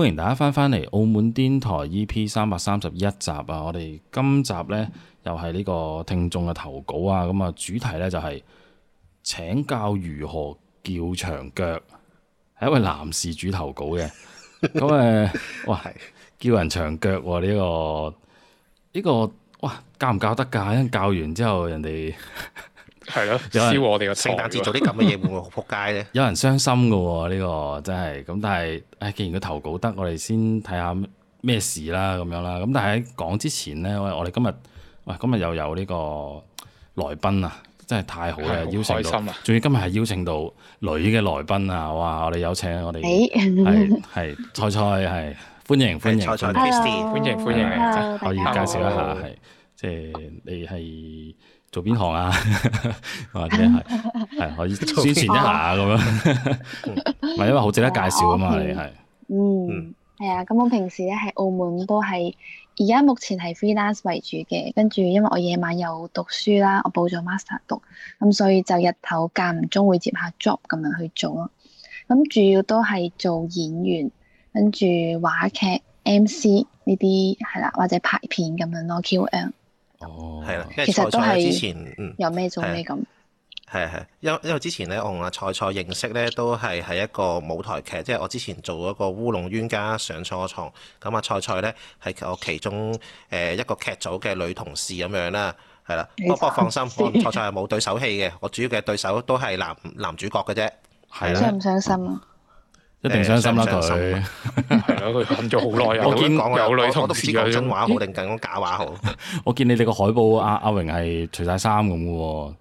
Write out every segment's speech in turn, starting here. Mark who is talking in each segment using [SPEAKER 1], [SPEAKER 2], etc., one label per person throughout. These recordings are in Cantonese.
[SPEAKER 1] 歡迎大家翻返嚟《澳門癲台 EP 三百三十一集》啊！我哋今集呢，又係呢個聽眾嘅投稿啊！咁啊，主題呢就係、是、請教如何撬牆腳，係一位男事主投稿嘅。咁誒、 呃，哇，撬人牆腳呢、啊這個呢、這個哇，教唔教得㗎？因為教完之後人哋。 係咯，燒我哋個
[SPEAKER 2] 聖誕
[SPEAKER 3] 節做啲咁嘅嘢會唔會好撲街咧？
[SPEAKER 1] 有人傷心㗎喎，呢個真係咁。但係誒，既然佢投稿得，我哋先睇下咩事啦，咁樣啦。咁但係喺講之前咧，我哋今日喂，今日又有呢個來賓啊，真係太好啦！邀請到，仲要今日係邀請到女嘅來賓啊！哇，我哋有請我哋係係菜，菜係歡迎歡迎菜歡迎歡迎，可以介紹一下係，即係你係。做邊行啊？ 或者係是係 可以宣傳一下咁 這樣，咪 因為好值得介紹啊嘛？ 你係是嗯係
[SPEAKER 4] 啊。咁、嗯嗯、我平時咧喺澳門都係而家目前係 freelance 為主嘅。跟住因為我夜晚有讀書啦，我報咗 master 讀，咁所以就日頭間唔中會接下 job 咁樣去做咯。咁主要都係做演員，跟住話劇 MC 呢啲係啦，或者拍片咁樣咯。Q M。
[SPEAKER 3] 哦，係啦，因為其實都係有咩做咩咁，係係，因因為之前咧，我同阿菜菜認識咧，都係喺一個舞台劇，即係我之前做一個烏龍冤家上錯床，咁阿菜菜咧係我其中誒一個劇組嘅女同事咁樣啦，係啦，你看 不過放心， 菜菜係冇對手戲嘅，我主要嘅對手都係男男主角嘅啫，係啦。傷
[SPEAKER 4] 唔傷心啊？
[SPEAKER 3] 一定傷心啦佢，係咯，佢忍咗好耐。我見有女同事講真話好定講假話好？
[SPEAKER 1] 我見你哋個海報阿阿榮係除晒衫咁嘅，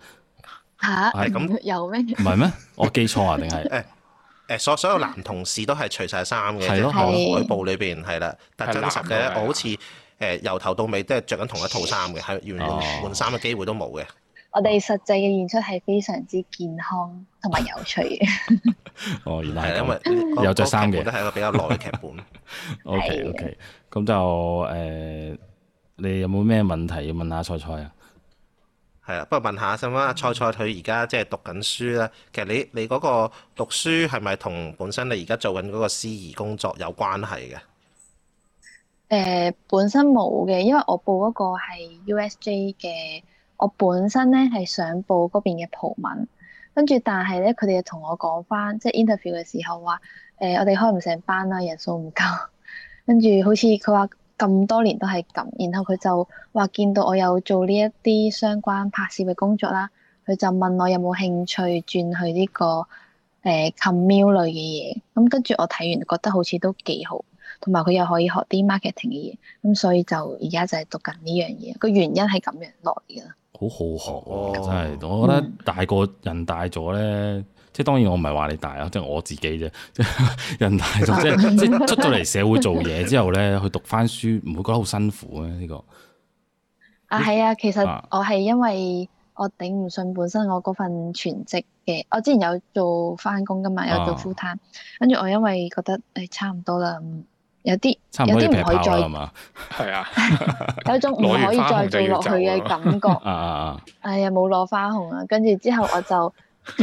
[SPEAKER 4] 吓係咁有咩？唔係咩？
[SPEAKER 1] 我記錯啊？定係？
[SPEAKER 3] 誒誒，所所有男同事都係除晒衫嘅，喺個海報裏邊係啦。但真實嘅我好似誒由頭到尾都係着緊同一套衫嘅，係完全換衫嘅機會都冇嘅。
[SPEAKER 4] 我哋實際嘅演出係非常之健康同埋有趣
[SPEAKER 3] 嘅。 哦，原來係因為， 因為有著衫嘅，都係一個比較耐嘅
[SPEAKER 1] 劇本。O K，O K，咁就誒、呃，你有冇咩問題要問下菜菜啊？
[SPEAKER 3] 係啊， 不過問下想問下菜菜佢而家即係讀緊書咧。其實你你嗰個讀書係咪同本身你而家做緊嗰個司儀工作有關係嘅？誒、
[SPEAKER 4] 呃，本身冇嘅，因為我報嗰個係 U S J 嘅。J 的的我本身咧係想報嗰邊嘅葡文，跟住但係咧佢哋又同我講返，即係 interview 嘅時候話，誒我哋開唔成班啦，人數唔夠。跟住好似佢話咁多年都係咁，然後佢就話見到我有做呢一啲相關拍攝嘅工作啦，佢就問我有冇興趣轉去呢個誒 commute 類嘅嘢。咁跟住我睇完覺得好似都幾好，同埋佢又可以學啲 marketing 嘅嘢，咁所以就而家就係讀緊呢樣嘢。個原因係咁樣落嚟啦。
[SPEAKER 1] 好好學、哦，真係是！嗯、我覺得大個人大咗咧，嗯、即係當然我唔係話你大啊，即、就、係、是、我自己啫。即 係人大咗了，即係即係出到嚟社會做嘢之後咧， 去讀翻書，唔會覺得好辛苦咧？呢、這個
[SPEAKER 4] 啊係啊，啊啊其實我係因為我頂唔順本身我嗰份全職嘅，我之前有做翻工噶嘛，有做 full time，跟住我因為覺得誒、哎、差唔多啦。有啲不有啲唔可以再係嘛。係啊，有種唔可以再做落去嘅感覺啊 哎呀，冇攞花紅啊！跟住之後我就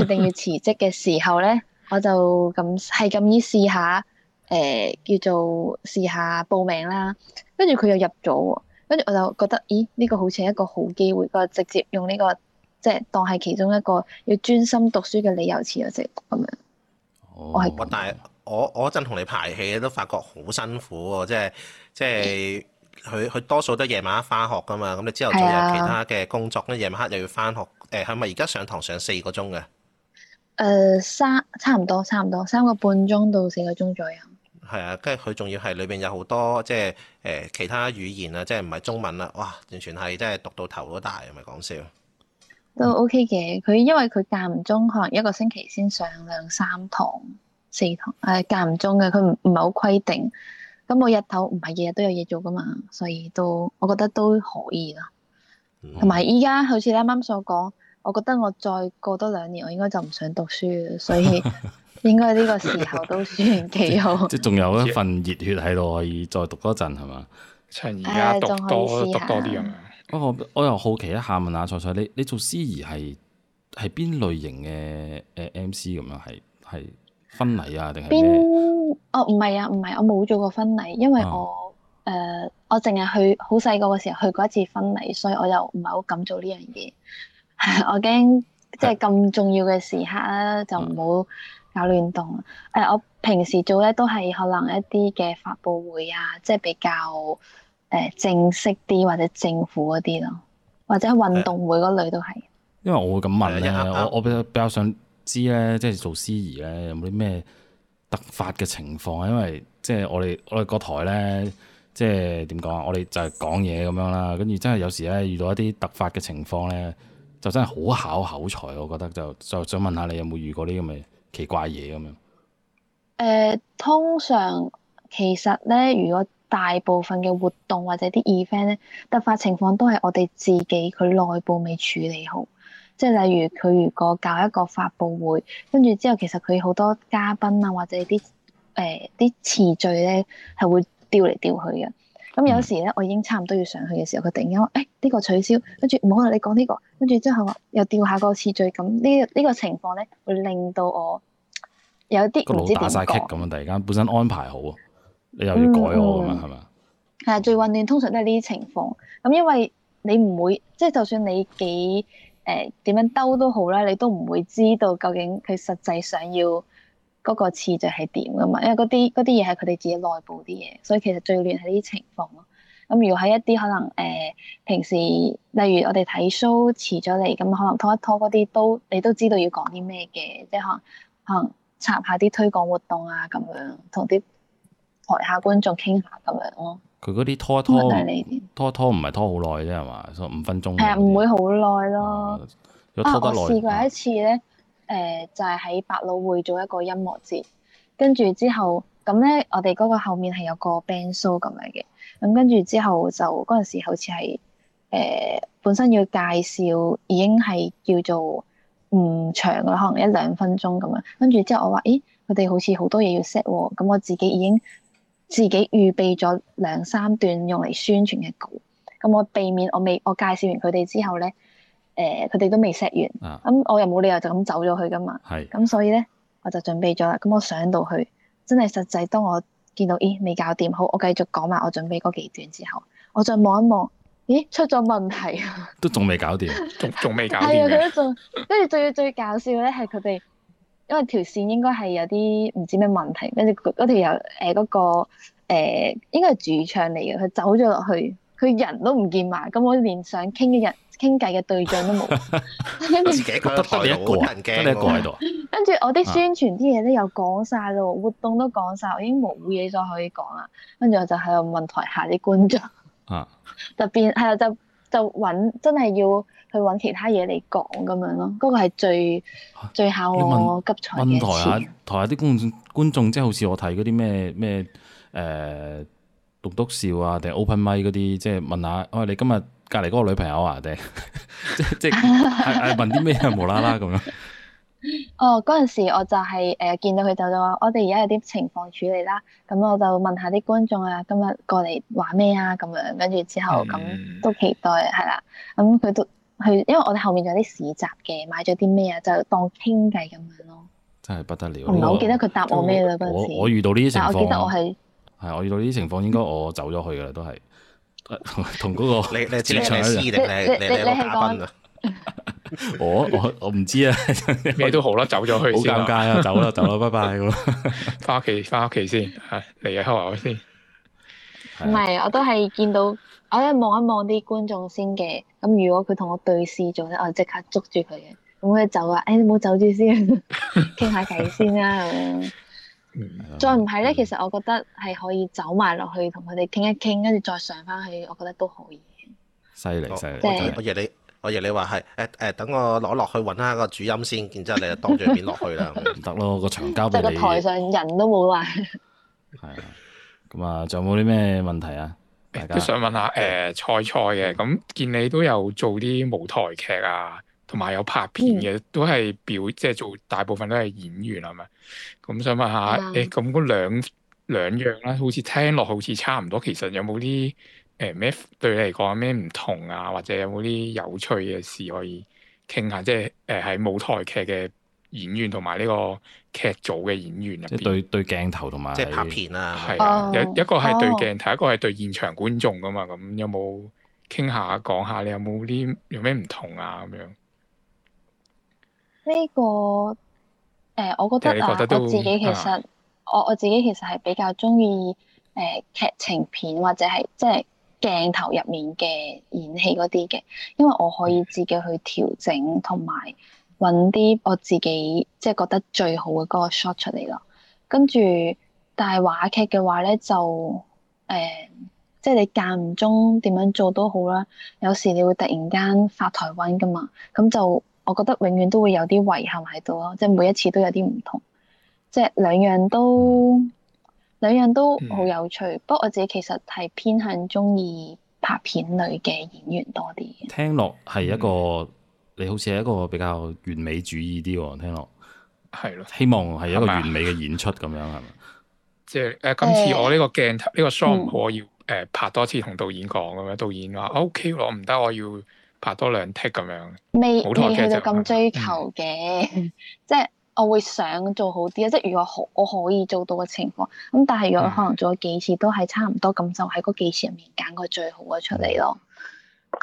[SPEAKER 4] 決定要辭職嘅時候咧， 我就咁係咁依試下，誒、呃、叫做試下報名啦。跟住佢又入咗，跟住我就覺得，咦呢、這個好似係一個好機會，個直接用呢、這個即係當係其中一個要專心讀書嘅理由辭咗職咁樣。我樣
[SPEAKER 3] 哦，我係。我我嗰陣同你排戲都發覺好辛苦喎，即係即係佢佢多數都夜晚黑翻學噶嘛，咁你朝頭早有其他嘅工作，跟住夜晚黑又要翻學。誒係咪而家上堂上四個鐘嘅？
[SPEAKER 4] 誒、呃、三差唔多，差唔多三個半鐘到四個鐘左右。
[SPEAKER 3] 係啊，跟住佢仲要係裏邊有好多即係誒、呃、其他語言啊，即係唔係中文啦？哇，完全係即係讀到頭都大，唔係講笑。
[SPEAKER 4] 都 OK 嘅，佢因為佢間唔中可能一個星期先上兩三堂。四堂誒，間、哎、唔中嘅，佢唔唔係好規定。咁我日頭唔係日日都有嘢做噶嘛，所以都我覺得都可以啦。同埋依家好似你啱啱所講，我覺得我再過多兩年，我應該就唔想讀書。所以應該呢個時候都算幾好。 即
[SPEAKER 1] 係仲有一份熱血喺度，可以再讀多陣係嘛？趁而家讀多讀多啲。不過我又好奇一下，問下菜菜，你你，你做司儀係係邊類型嘅誒 M C 咁樣係係？E e e 婚禮啊？定係邊？
[SPEAKER 4] 哦，唔係啊，唔係、啊，我冇做過婚禮，因為我誒、嗯呃，我淨係去好細個嘅時候去過一次婚禮，所以我又唔係好敢做呢樣嘢。 我驚即係咁重要嘅時刻咧、啊，就唔好搞亂動。誒、嗯呃，我平時做咧都係可能一啲嘅發布會啊，即、就、係、是、比較誒、呃、正式啲或者政府嗰啲咯，或者運動會嗰類都係。
[SPEAKER 1] 因為我會咁問咧，因為我我比較比較想。知咧，即係做司儀咧，有冇啲咩突發嘅情況啊？因為即係我哋我哋個台咧，即係點講啊？我哋就係講嘢咁樣啦，跟住真係有時咧遇到一啲突發嘅情況咧，就真係好考口才。我覺得就就想問下你有冇遇過呢咁嘅奇怪嘢咁樣？
[SPEAKER 4] 誒、呃，通常其實咧，如果大部分嘅活動或者啲 event 咧，突發情況都係我哋自己佢內部未處理好。即係例如佢如果搞一個發佈會，跟住之後其實佢好多嘉賓啊，或者啲誒啲次序咧係會調嚟調去嘅。咁有時咧，我已經差唔多要上去嘅時候，佢突然間話誒呢個取消，跟住唔好啦，你講呢個，跟住之後又調下個次序，咁呢個，呢個情況咧會令到我有啲個腦打晒劇
[SPEAKER 1] 咁樣！突然間本身安排好
[SPEAKER 4] 啊，你又要改我咁樣？係咪啊？係最混亂，通常都係呢啲情況咁，因為你唔會即係，就算你幾，誒點樣兜都好啦，你都唔會知道究竟佢實際想要嗰個次序係點噶嘛，因為嗰啲嗰啲嘢係佢哋自己內部啲嘢，所以其實最亂係呢啲情況咯。咁、嗯、如果喺一啲可能誒、呃、平時，例如我哋睇 show 遲咗嚟，咁可能拖一拖嗰啲都你都知道要講啲咩嘅，即係可能可能插下啲推廣活動啊咁樣，同啲台下觀眾傾下咁樣咯。
[SPEAKER 1] 佢嗰啲拖拖，拖拖唔係拖好耐啫係嘛，十 五分鐘係 啊，唔
[SPEAKER 4] 會好耐咯。有拖過，我試過一次咧，誒、呃，就係喺百老匯做一個音樂節，跟住之後咁咧，我哋嗰個後面係有個 band show 咁樣嘅，咁跟住之後就嗰陣時好似係誒，本身要介紹已經係叫做唔長啦，可能一兩分鐘咁樣。跟住之後我話，咦，佢哋好似好多嘢要 set，咁我自己已經。自己預備咗兩三段用嚟宣傳嘅稿，咁我避免我未我介紹完佢哋之後咧，誒佢哋都未錫完，咁、啊嗯、我又冇理由就咁走咗去噶嘛。係、啊，咁、嗯、所以咧我就準備咗啦。咁我上到去真係實際，當我見到，咦、哎、未搞掂，好，我繼續講埋我準備嗰幾段之後，我再望一望，咦，出咗問題
[SPEAKER 1] 啊！都仲未搞掂，仲仲未搞掂。係啊，佢都
[SPEAKER 4] 仲，跟住最最，最搞笑咧係佢哋。因為條線應該係有啲唔知咩問題，跟住嗰條友誒嗰個誒、呃、應該係主唱嚟嘅，佢走咗落去，佢人都唔見埋，咁我連想傾嘅人傾偈嘅對象都冇，跟住得得你一個，得 你一個喺度。跟住 我啲宣傳啲嘢咧又講曬咯，活動都講晒。我已經冇嘢再可以講啦。跟住我就喺度問台下啲觀眾，啊， 就變係就。就揾真係要去揾其他嘢嚟講咁樣咯，嗰、這個係最最好急我,、啊、我急才。問台下、
[SPEAKER 1] 啊、台下啲觀眾觀眾即係好似我睇嗰啲咩咩誒棟篤笑啊，定 open mic 嗰啲，即係問下，哦、哎、你今日隔離嗰個女朋友啊定即即係問啲咩 無啦啦咁樣。
[SPEAKER 4] 哦，嗰陣時我就係誒見到佢走咗，我我哋而家有啲情況處理啦，咁我就問下啲觀眾啊，今日過嚟玩咩啊咁樣，跟住之後咁都期待係啦，咁佢都佢，因為我哋後面仲有啲市集嘅，買咗啲咩啊，就當傾偈咁樣咯。
[SPEAKER 1] 真係不得了，唔係好記得佢答我咩啦嗰陣時。我遇到呢啲情況，我記得我係係我遇到呢啲情況，應該我走咗去噶啦，都係同嗰個你你你係講 哦、我我我唔知啊，咩 都好啦，
[SPEAKER 2] 走咗去。好尷尬啊，走啦走啦，拜拜。翻屋企翻屋企先，係嚟啊開我
[SPEAKER 4] 先。唔係，我都係見到，我一望一望啲觀眾先嘅。咁如果佢同我對視咗咧，我即刻捉住佢嘅。咁佢走啊，誒，你唔好走住先，傾下偈先啦。 嗯、 再唔係咧，其實我覺得係可以走埋落去同佢哋傾一傾，跟住再上翻去，我覺得都可以。
[SPEAKER 3] 犀利犀利，即係我我以為你話係誒誒，等我攞落去揾下個主音先，然之後你就當住面落去啦，唔得咯，個場交俾你。 台
[SPEAKER 4] 上人都冇 啊。係啊，
[SPEAKER 1] 咁啊，仲有冇啲咩問題啊？都想問下誒菜、欸、菜嘅，咁見你
[SPEAKER 2] 都有做啲舞台劇啊，同埋有，有拍片嘅，嗯、都係表即係、就是、做大部分都係演員係咪？咁想問下誒，咁嗰、嗯欸、兩兩樣咧，好似聽落好似差唔多，其實有冇啲？誒，咩、欸、對你嚟講有咩唔同啊？或者有冇啲有，有趣嘅事可以傾下？即係誒，喺、呃、舞台劇嘅演員同埋呢個劇組嘅演員入邊，即係對
[SPEAKER 1] 對鏡頭同埋，即係拍
[SPEAKER 2] 片啊，係、哦、啊，一一個係對鏡頭，哦、一個係對現場觀眾噶嘛。咁有冇傾下講下？你有冇啲有咩唔同啊？咁樣
[SPEAKER 4] 呢、這個誒、呃，我覺得、啊、你覺得都我自己其實、啊、我我自己其實係比較中意誒，劇、呃、情片或者係即係。鏡頭入面嘅演戲嗰啲嘅，因為我可以自己去調整，同埋揾啲我自己即係覺得最好嘅嗰個 shot 出嚟咯。跟住，但係話劇嘅話咧，就誒，即係你間唔中點樣做都好啦。有時你會突然間發台瘟㗎嘛，咁就我覺得永遠都會有啲遺憾喺度咯，即係每一次都有啲唔同，即係兩樣都。兩樣都好有趣，不過、嗯、我自己其實係偏向中意拍片類嘅演員多啲。
[SPEAKER 1] 聽落係一個、嗯、你好似係一個比較完美主義啲喎，聽落係咯，希望係一個完美嘅演出咁樣係咪？
[SPEAKER 2] 即係誒，今次我呢個鏡頭呢、呢個 show、嗯、我要誒拍多次同導演講咁樣，導演話 OK，我唔得，我要拍多兩 take 咁樣，
[SPEAKER 4] 未好多睇就咁追求嘅，即係。我會想做好啲啊！即係如果可我可以做到嘅情況，咁但係如果可能做咗幾次、嗯、都係差唔多，咁就喺嗰幾次入面揀個最好嘅出嚟咯。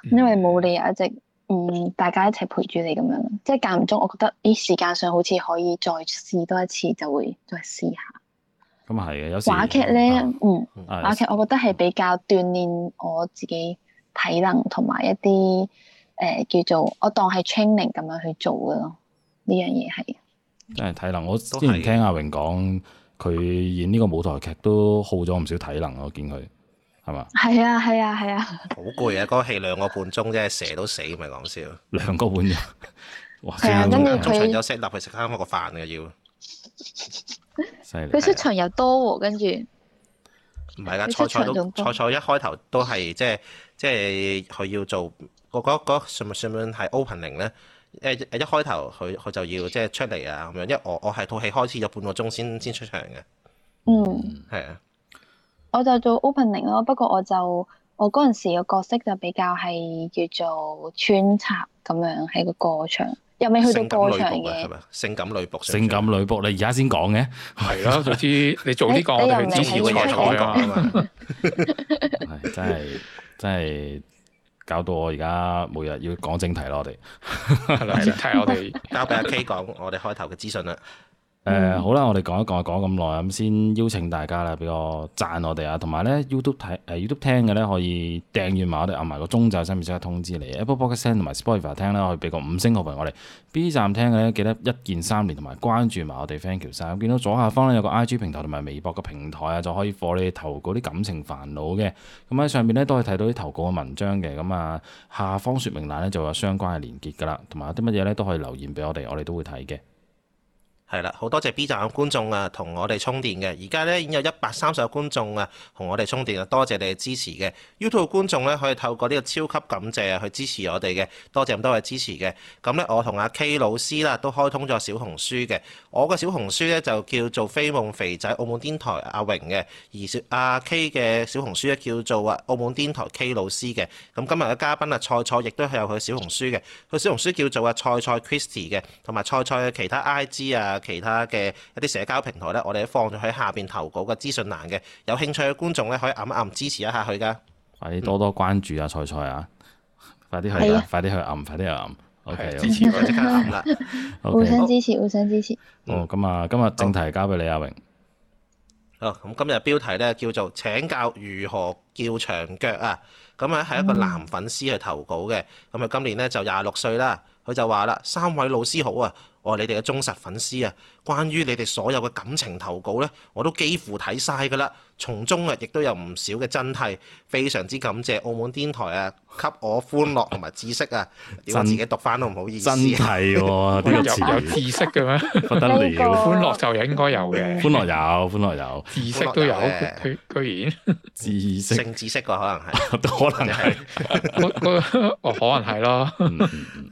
[SPEAKER 4] 嗯、因為冇理由一直嗯，大家一齊陪住你咁樣，即係間唔中，我覺得，咦，時間上好似可以再試多一次，就會再試下。
[SPEAKER 1] 咁啊係嘅，有時，話劇咧，
[SPEAKER 4] 啊、嗯，話劇我覺得係比較鍛鍊我自己體能同埋一啲，誒、呃，叫做我當係 training 咁樣去做嘅咯。呢樣嘢係。
[SPEAKER 1] 真係體能，我之前聽阿榮講，佢演呢個舞台劇都耗咗唔
[SPEAKER 3] 少體能，我見佢係嘛？
[SPEAKER 4] 係啊，係啊，係啊！
[SPEAKER 3] 好攰啊！嗰、那個戲兩個半鐘即係，蛇都死咪講笑。兩個半鐘，哇！啊、真係出場休息、啊，落去食餐個飯嘅要。犀利害！佢、啊啊、出
[SPEAKER 4] 場又多喎，跟住。
[SPEAKER 3] 唔係啦，菜菜都菜菜一開頭都係即係即係佢要做、嗰個、嗰個算唔算係 opening 咧？誒一開頭佢佢就要即係出嚟啊咁樣，因為我我係套戲開始有半個鐘先先出場嘅。嗯，
[SPEAKER 4] 係啊，我就做 opening 咯。不過我就我嗰陣時個角色就比較係叫做穿插咁樣喺個過場，又未去到過場嘅。性感女僕係咪啊？
[SPEAKER 3] 性感女
[SPEAKER 1] 僕，性感女僕。你而家先講嘅，係咯，總之 你， 你做呢個我哋支持嘅啊嘛。真係
[SPEAKER 4] 真
[SPEAKER 1] 係。搞到我而家每日要講正題咯 的， 我哋
[SPEAKER 3] 係啦，我哋交俾阿 K 講我哋開頭嘅資訊啦。
[SPEAKER 1] 誒、嗯嗯、好啦，我哋講一講，講咁耐咁，先邀請大家啦，俾個讚我哋啊，同埋咧 YouTube 睇誒 YouTube 聽嘅咧，可以訂閱埋我哋，按埋個鐘就收唔收得通知你。Apple Podcast 同埋 Spotify 聽咧，可以俾個五星好評我哋。B 站聽嘅咧，記得一鍵三連同埋關注埋我哋。Thank you 晒。見到左下方咧有個 IG 平台同埋微博嘅平台啊，就可以放你投稿啲感情煩惱嘅。咁喺上面咧都可以睇到啲投稿嘅文章嘅。咁啊，下方說明欄咧就有相關嘅連結噶啦，同埋有啲乜嘢咧都可以留言俾我哋，我哋都會睇嘅。
[SPEAKER 3] 係啦，好多謝 B 站嘅觀眾啊，同我哋充電嘅。而家咧已經有一百三十個觀眾啊，同我哋充電啊，多謝你哋支持嘅。YouTube 觀眾咧可以透過呢個超級感謝啊去支持我哋嘅，多謝咁多位支持嘅。咁咧，我同阿 K 老師啦都開通咗小紅書嘅。我個小紅書咧就叫做飛夢肥仔澳門癲台阿榮嘅，而小阿 K 嘅小紅書咧叫做啊澳門癲台 K 老師嘅。咁今日嘅嘉賓啊，菜菜亦都係有佢小紅書嘅，佢小紅書叫做啊菜菜 Christy 嘅，同埋菜菜嘅其他 IG 啊。其他嘅一啲社交平台咧，我哋放咗喺下邊投稿嘅資訊欄嘅，有興趣嘅觀眾咧可以按一按支持一下佢噶，
[SPEAKER 1] 快啲多多關注啊菜菜啊，快啲去啦，快啲去按，快啲去按，OK 支持嗰啲
[SPEAKER 4] 按啦，互相支持，互相支持。
[SPEAKER 1] 哦，咁啊，今日正題交俾李亞榮。
[SPEAKER 3] 好，咁今日標題咧叫做請教如何撬牆腳啊，咁啊，係一個男粉絲去投稿嘅，咁啊，今年咧就廿六歲啦。佢就話啦，三位老師好啊！我係你哋嘅忠實粉絲啊。關於你哋所有嘅感情投稿呢，我都幾乎睇晒㗎啦。從中啊，亦都有唔少嘅真諦，非常之感謝澳門癲台啊，給我歡樂同埋知識啊。自己讀翻都唔好意思、啊真。真係喎、哦，啲個詞有知識嘅咩？
[SPEAKER 2] 不得了，歡樂就有應該有嘅。歡樂有，歡樂有。知識都有，居
[SPEAKER 3] 然、就是。知識性知識㗎，可能係可能係。可能係咯，係啦、嗯。嗯。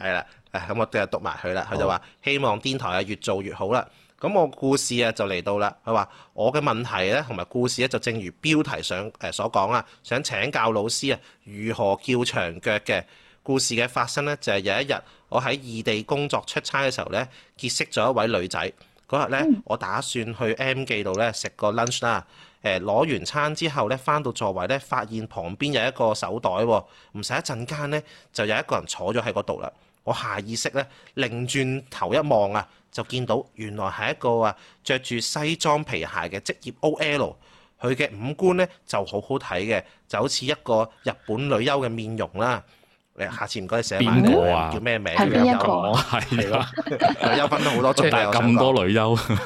[SPEAKER 3] 咁、啊、我就讀埋佢啦。佢就話希望癲台啊越做越好啦。咁我故事啊就嚟到啦。佢話我嘅問題咧同埋故事咧就正如標題上誒所講啦，想請教老師啊，如何撬牆腳嘅。故事嘅發生咧，就係有一日我喺異地工作出差嘅時候咧，結識咗一位女仔。嗰日咧，我打算去 M 記度咧食個 lunch 啦。誒，攞完餐之後咧，翻到座位咧，發現旁邊有一個手袋喎，唔使一陣間咧，就有一個人坐咗喺嗰度啦。我下意識咧，擰轉頭一望啊，就見到原來係一個啊，着住西裝皮鞋嘅職業 OL，佢嘅五官咧就好好睇嘅，就好似一個日本女優嘅面容啦。誒，下次唔該你寫埋個啊，叫咩名，又唔講嘢啦。啊、 女優分咗好多種，仲帶咁多女優。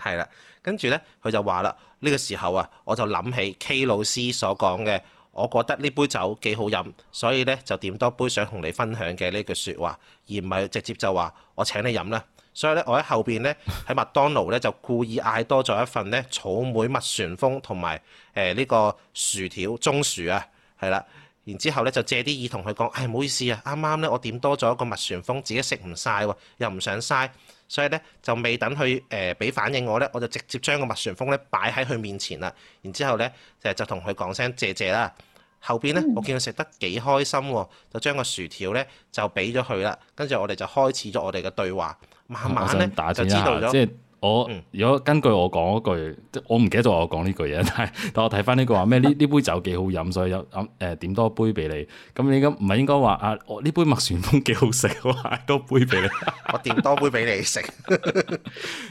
[SPEAKER 3] 係 啦、 啊，跟住咧，佢就話啦，呢、呢個時候啊，我就諗起 K 老師所講嘅。我覺得呢杯酒幾好飲，所以咧就點多杯想同你分享嘅呢句説話，而唔係直接就話我請你飲啦。所以咧，我喺後邊咧，喺麥當勞咧就故意嗌多咗一份咧草莓麥旋風同埋誒呢個薯條中薯啊，係啦。然之後咧就借啲意同佢講，唉，唔好意思啊，啱啱咧我點多咗一個麥旋風，自己食唔晒喎，又唔想嘥。所以咧就未等佢誒俾反應我咧，我就直接將個麥旋風咧擺喺佢面前啦。然之後咧就就同佢講聲謝謝啦。後邊咧、嗯、我見佢食得幾開心喎，就將個薯條咧就俾咗佢啦。跟住我哋就開始咗我哋嘅對話，慢慢咧、嗯、就知道咗
[SPEAKER 1] 我如果根據我講嗰句，即我唔記得咗我講呢句嘢，但係但我睇翻呢句話咩？呢呢杯酒幾好飲，所以有諗誒、呃、點多杯俾你。咁你而家唔係應該話啊？我呢杯麥旋風幾好食，我嗌多杯俾你。
[SPEAKER 3] 我點多杯俾你食。
[SPEAKER 2] 唔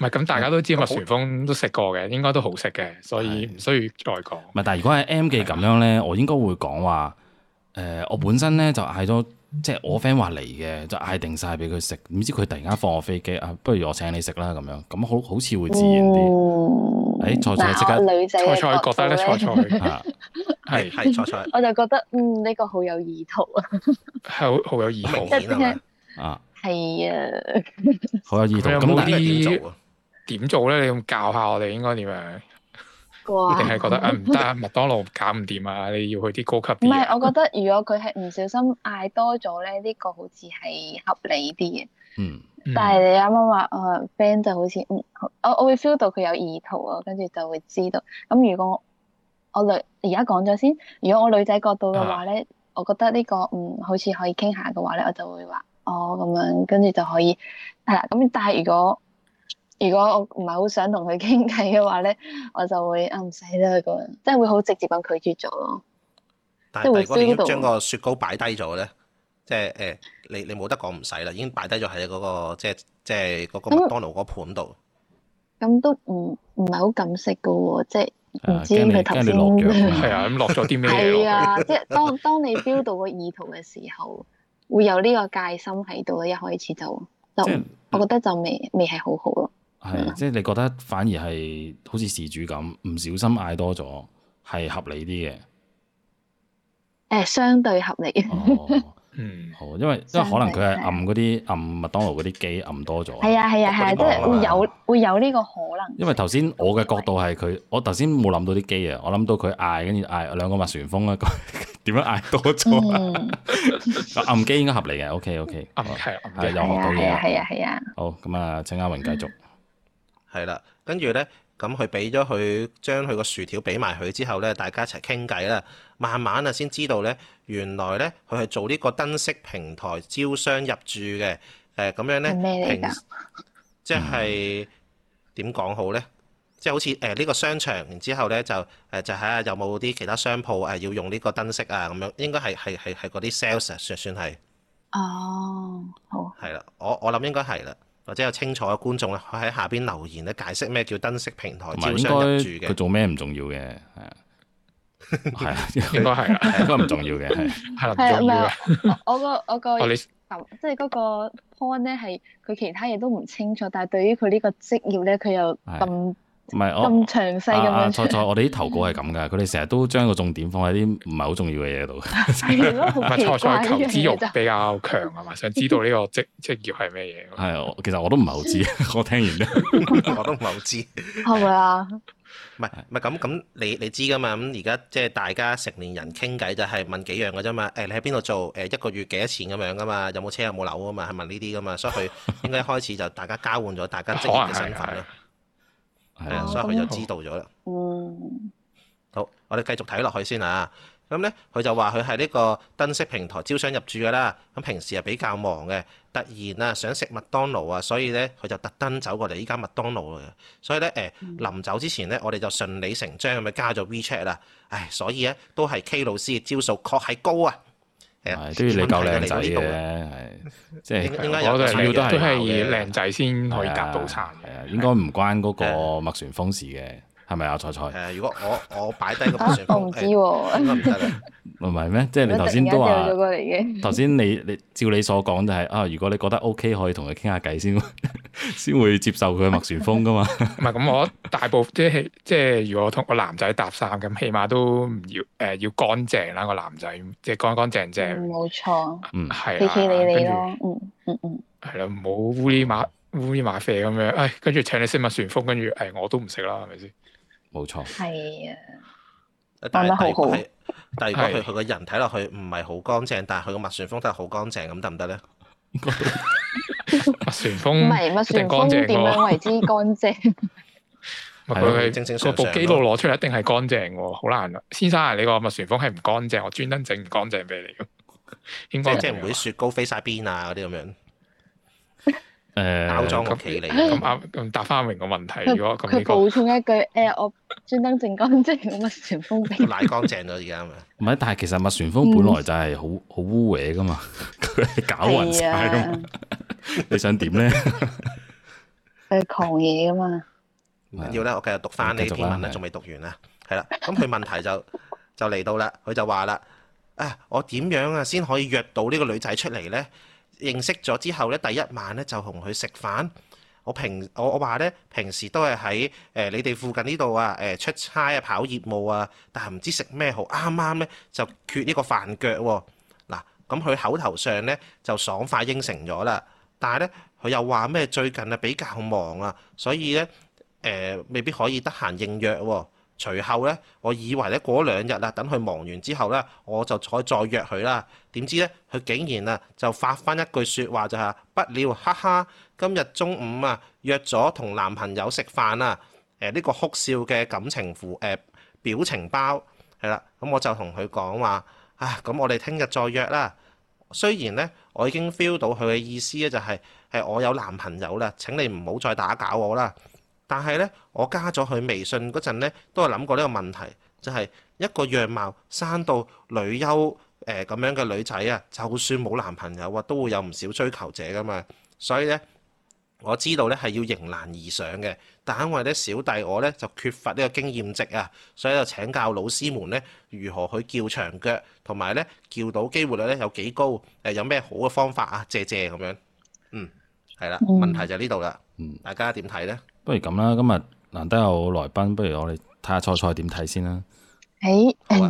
[SPEAKER 2] 係咁， 大家都知麥旋風都食過嘅，應該都好食嘅，所以唔需要再講。
[SPEAKER 1] 唔係的，但係如果係 M 記咁樣咧，的我應該會講話誒，我本身咧就嗌咗。即係我 friend 話嚟嘅，就嗌定晒俾佢食，唔知佢突然間放我飛機啊，不如我請你食啦咁樣，咁好好似會自然
[SPEAKER 4] 啲。
[SPEAKER 1] 哎，菜菜即刻，菜菜覺
[SPEAKER 4] 得咧，菜菜啊，係係菜菜，
[SPEAKER 2] 我
[SPEAKER 4] 就覺得嗯呢個好有意圖啊，係
[SPEAKER 2] 好好有意圖啊，
[SPEAKER 4] 啊，係啊，
[SPEAKER 2] 好有意圖。咁呢個點做啊？點做咧？你咁教下我哋應該點樣？
[SPEAKER 4] 你定係覺得啊唔
[SPEAKER 2] 得啊，麥當勞搞唔掂啊，你要去啲高級。唔係，
[SPEAKER 4] 我覺得如果佢係唔小心嗌多咗咧，呢個好似係合理啲嘅，嗯。嗯。但係你啱啱話啊 friend 就好似嗯，我我會 feel 到佢有意圖啊，跟住就會知道。咁如果我女而家講咗先，如果我女仔角度嘅話咧，啊、我覺得呢個嗯好似可以傾下嘅話咧，我就會話哦咁樣，跟住就可以係啦。咁但係如果如果我唔係好想同佢傾偈嘅話咧，我就會啊唔使啦，這個人即係會好直接咁拒絕咗咯。但係會 build 到將個
[SPEAKER 3] 雪糕擺低咗咧，即係誒，你你冇得講唔使啦，已經擺低咗喺嗰個即係即係嗰個麥當勞嗰盤度。
[SPEAKER 4] 咁都唔唔係好敢食嘅喎，即係唔知佢頭先係啊咁落咗啲咩？係 啊，即係當當你 feel 到個意圖嘅時候，會有呢個戒心喺度，一開始就就，就、嗯、我覺得就未未係好好咯。
[SPEAKER 1] 係，即係你覺得反而係好似事主咁唔小心嗌多咗，係合理啲嘅。
[SPEAKER 4] 誒，相對合理。
[SPEAKER 1] 嗯，好，因為因為可能佢係暗嗰啲暗麥當勞嗰啲機暗多咗。係啊
[SPEAKER 4] 係啊係啊，即係會有會有呢個可能。因
[SPEAKER 1] 為頭先我嘅角度係佢，我頭先冇諗到啲機啊，我諗到佢嗌跟住嗌兩個麥旋風啊，點樣嗌多咗
[SPEAKER 3] 啊？暗機應該合理嘅，OK OK，又學到嘢，係啊係啊。好，咁啊，請阿云繼續。係啦，跟住咧，咁佢俾咗佢將佢個薯條俾埋佢之後咧，大家一齊傾偈啦，慢慢啊先知道咧，原來咧佢係做呢個燈飾平台招商入駐嘅。誒咁樣咧，即係點講好咧？即係好似誒呢個商場，然之後咧就誒就睇下、啊、有冇啲其他商鋪誒要用呢個燈飾啊咁樣，應該係係係係嗰啲 sales 算算係。哦、oh，係，
[SPEAKER 4] 好。係啦，我我
[SPEAKER 3] 諗應該係啦。或者有清楚嘅觀眾咧，可喺下邊留言咧，解釋咩叫燈飾平
[SPEAKER 4] 台招商得住嘅？佢
[SPEAKER 1] 做咩唔重要嘅？係 啊，係啊，
[SPEAKER 3] 應該係啊，應
[SPEAKER 1] 該唔重要嘅係。係
[SPEAKER 4] 啦、啊，唔係 我個、那、我個，我那個、 即係嗰個 point 咧，係佢其他嘢都唔清楚，但係對於佢呢個職業咧，佢又咁。
[SPEAKER 1] 唔係我咁詳細咁樣，錯錯，我哋啲投稿係咁噶，佢哋成日都將個重點放喺啲唔係好重要嘅嘢度。係咯，好奇怪啊！求知欲比較強係嘛？想知道呢個職職業係咩嘢？係啊，其實我都唔係好知，我聽完咧，
[SPEAKER 3] 我都唔係好知，係咪啊？唔係唔係咁咁，你你知噶嘛？咁而家即係大家成年人傾偈就係問幾樣噶啫嘛？誒，你喺邊度做？誒，一個月幾多錢咁樣噶嘛？有冇車有冇樓啊嘛？係問呢啲噶嘛？所以佢應該一開始就大家交換咗大家職業嘅身份咯。係啊，所以佢就知道咗啦。
[SPEAKER 4] 嗯、
[SPEAKER 3] 好，我哋繼續睇落去先啊。咁咧，佢就話佢係呢個燈飾平台招商入住嘅啦。咁平時係比較忙嘅，突然啊想食麥當勞啊，所以咧佢就特登走過嚟依間麥當勞嘅、啊。所以咧，誒、呃、臨走之前咧，我哋就順理成章咁樣加咗 WeChat 啦。唉，所以咧都係 K 老師嘅招數確係高啊。係，都要你夠靚仔嘅咧，
[SPEAKER 1] 係，即係我哋主要都係都係以靚仔先可以夾到餐。係啊的，應該唔關嗰個麥旋風的事嘅。係咪啊？菜菜，誒，如果我我擺低個麥旋、啊、我唔知
[SPEAKER 4] 喎、
[SPEAKER 1] 啊，咁唔得啦，唔係咩？即係、 就係、你頭先都話，頭先你你照你所講就係啊，如果你覺得 O、OK, K，可以同佢傾下偈先，先會接受佢麥旋風噶嘛？唔係咁，我大部即係即係，如果我同個男仔搭訕，
[SPEAKER 2] 咁、呃，起碼都唔要誒要乾淨啦，個男仔即係乾乾淨淨，冇錯，嗯，係、嗯，企企理理咯，嗯嗯，係啦，唔好烏哩馬烏哩馬啡咁
[SPEAKER 3] 樣，誒、嗯，跟住請你食麥旋風，跟住誒我都唔食啦，係咪先？冇錯，
[SPEAKER 4] 係啊。但係第二
[SPEAKER 3] 個，但係如果佢佢個人睇落去唔係好乾淨，但係佢個麥旋風都係好乾淨，咁得唔得咧？麥旋風唔係麥旋風，點樣為
[SPEAKER 4] 之乾淨？
[SPEAKER 3] 佢係正正雪，部機路攞出嚟一定係乾淨
[SPEAKER 2] 嘅，好難啊！先生啊，你個麥旋風係唔乾淨，我專登整唔乾淨俾你嘅。應該
[SPEAKER 4] 即係唔
[SPEAKER 3] 會雪糕飛晒邊啊嗰啲咁樣。誒，包裝屋企嚟，咁啱，咁答翻明個問題。如果咁，佢補
[SPEAKER 4] 充一句，誒，我專登淨乾淨麥旋風鼻，瀨
[SPEAKER 3] 乾淨咗
[SPEAKER 1] 而家嘛？唔係，但係其實麥旋風本來就係好好污歪噶嘛，佢搞混晒噶嘛。你想點咧？
[SPEAKER 4] 係狂野噶嘛？
[SPEAKER 3] 唔緊要啦，我繼續讀翻呢篇文啦，仲未讀完啦，係啦。咁佢問題就就嚟到啦，佢就話啦，啊，我點樣啊先可以約到呢個女仔出嚟咧？認識咗之後咧，第一晚咧就同佢食飯。我平我我話咧，平時都係喺誒你哋附近呢度啊，誒、呃、出差啊，跑業務啊，但係唔知食咩好。啱啱咧就缺呢個飯腳喎。嗱，咁佢口頭上咧就爽快應承咗啦。但係咧，佢又話咩最近啊比較忙啊，所以咧誒、呃、未必可以得閒應約喎。隨後咧，我以為咧過兩日啦，等佢忙完之後咧，我就再再約佢啦。點知咧，佢竟然啊就發返一句説話就係、是： 不料哈哈，今日中午啊約咗同男朋友食飯啦。誒、呃、呢、這個哭笑嘅感情符誒、呃、表情包係啦。咁我就同佢講話：啊，咁我哋聽日再約啦。雖然咧，我已經 feel 到佢嘅意思咧、就是，就係係我有男朋友啦。請你唔好再打攪我啦。但係咧，我加咗佢微信嗰陣咧，都係諗過呢個問題，就係、是、一個樣貌生到女優誒咁樣嘅女仔啊，就算冇男朋友啊，都會有唔少追求者噶嘛。所以咧，我知道咧係要迎難而上嘅，但係我呢小弟我咧就缺乏呢個經驗值啊，所以就請教老師們咧，如何去撬牆腳，同埋咧撬到機會率咧有幾高？誒、呃，有咩好嘅方法啊？借借咁樣，嗯，係啦，嗯、問題就喺呢度啦，大家點睇咧？嗯
[SPEAKER 1] 不如咁啦，今日難得有來賓，不如我哋睇下菜菜點睇先啦。
[SPEAKER 4] 誒，但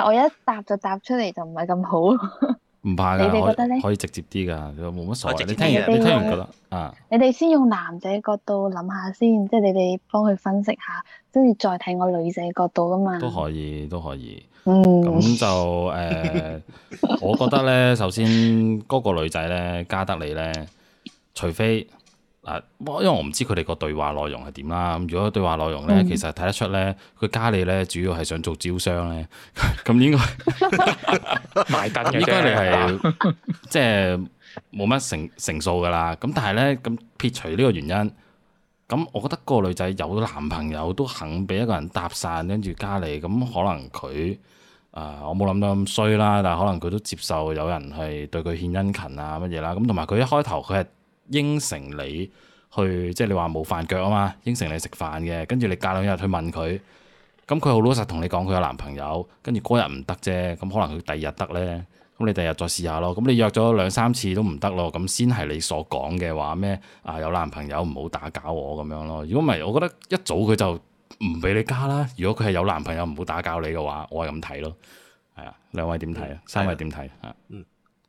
[SPEAKER 4] 係，我一答就答出嚟就唔係咁好
[SPEAKER 1] 唔 怕噶的，你哋覺得咧？可以直接啲噶，冇乜所謂。聽你聽完，你，你聽完覺得啊？
[SPEAKER 4] 你哋先用男仔角度諗下先，即係你哋幫佢分析下，跟住再睇我女仔角度噶嘛？都
[SPEAKER 1] 可以，都可以。
[SPEAKER 4] 嗯，咁
[SPEAKER 1] 就誒，呃、 我覺得咧，首先嗰個女仔咧加得你咧，除非。嗱，因為我唔知佢哋個對話內容係點啦。咁如果對話內容咧，嗯、其實睇得出咧，佢加你咧，主要係想做招商咧，咁應該賣單嘅啫。 應該你係即係冇乜成成數噶啦。咁但係咧，咁撇除呢個原因，咁我覺得嗰個女仔有男朋友都肯俾一個人搭訕，跟住加你，咁可能佢啊、呃，我冇諗到咁衰啦。但可能佢都接受有人係對佢獻殷勤啊乜嘢啦。咁同埋佢一開頭佢係。應承你去，即係你話冇飯腳啊嘛，應承你食飯嘅，跟住你隔兩日去問佢，咁佢好老實同你講佢有男朋友，跟住嗰日唔得啫，咁可能佢第二日得咧，咁你第日再試下咯。咁你約咗兩三次都唔得咯，咁先係你所講嘅話咩？啊，有男朋友唔好打攪我咁樣咯。如果唔係，我覺得一早佢就唔俾你加啦。如果佢係有
[SPEAKER 3] 男朋友唔好打攪你嘅話，我係咁睇咯。係
[SPEAKER 1] 啊，兩位點睇啊？三位點睇啊？嗯，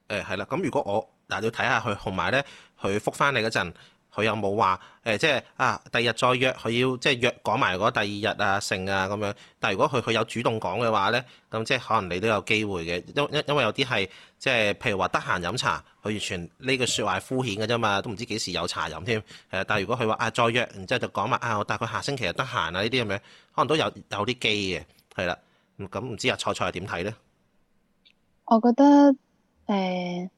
[SPEAKER 1] 誒
[SPEAKER 3] 係啦。咁、嗯嗯、哎、如果我嗱要睇下佢，同埋咧。佢覆返嚟嗰陣，佢有冇話誒，即係啊，第日再約，佢要即係約講埋。如果第二日啊，剩啊咁樣，但係如果佢佢有主動講嘅話咧，咁即係可能你都有機會嘅。因因因為有啲係即係譬如話得閒飲茶，佢完全呢句説話係敷衍嘅啫嘛，都唔知幾時有茶飲添。誒，但係如果佢話啊再約，然之後就講埋啊，我大概下星期日得閒啊，呢啲咁樣，可能都有有啲機嘅，係啦。咁唔知阿菜菜點睇咧？啊、菜
[SPEAKER 4] 菜呢我覺得誒，呃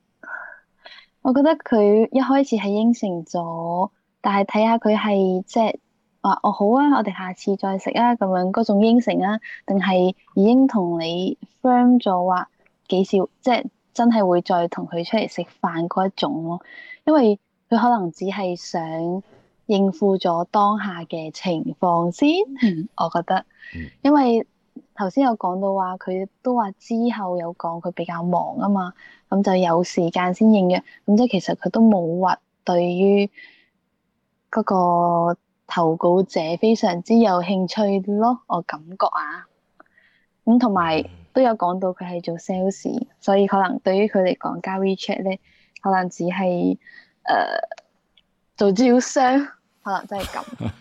[SPEAKER 4] 我覺得佢一開始係應承咗，但係睇下佢係即係話我好啊，我哋下次再食啊咁樣嗰種應承啊，定係已經同你 firm 咗話幾時即係真係會再同佢出嚟食飯嗰一種咯，因為佢可能只係想應付咗當下嘅情況先，我覺得，因為。頭先有講到話，佢都話之後有講佢比較忙啊嘛，咁就有時間先應約，咁即係其實佢都冇話對於嗰個投稿者非常之有興趣咯，我感覺啊，咁同埋都有講到佢係做 sales，所以可能對於佢嚟講加 WeChat 咧，可能只係誒、呃、做招商，可能真係咁。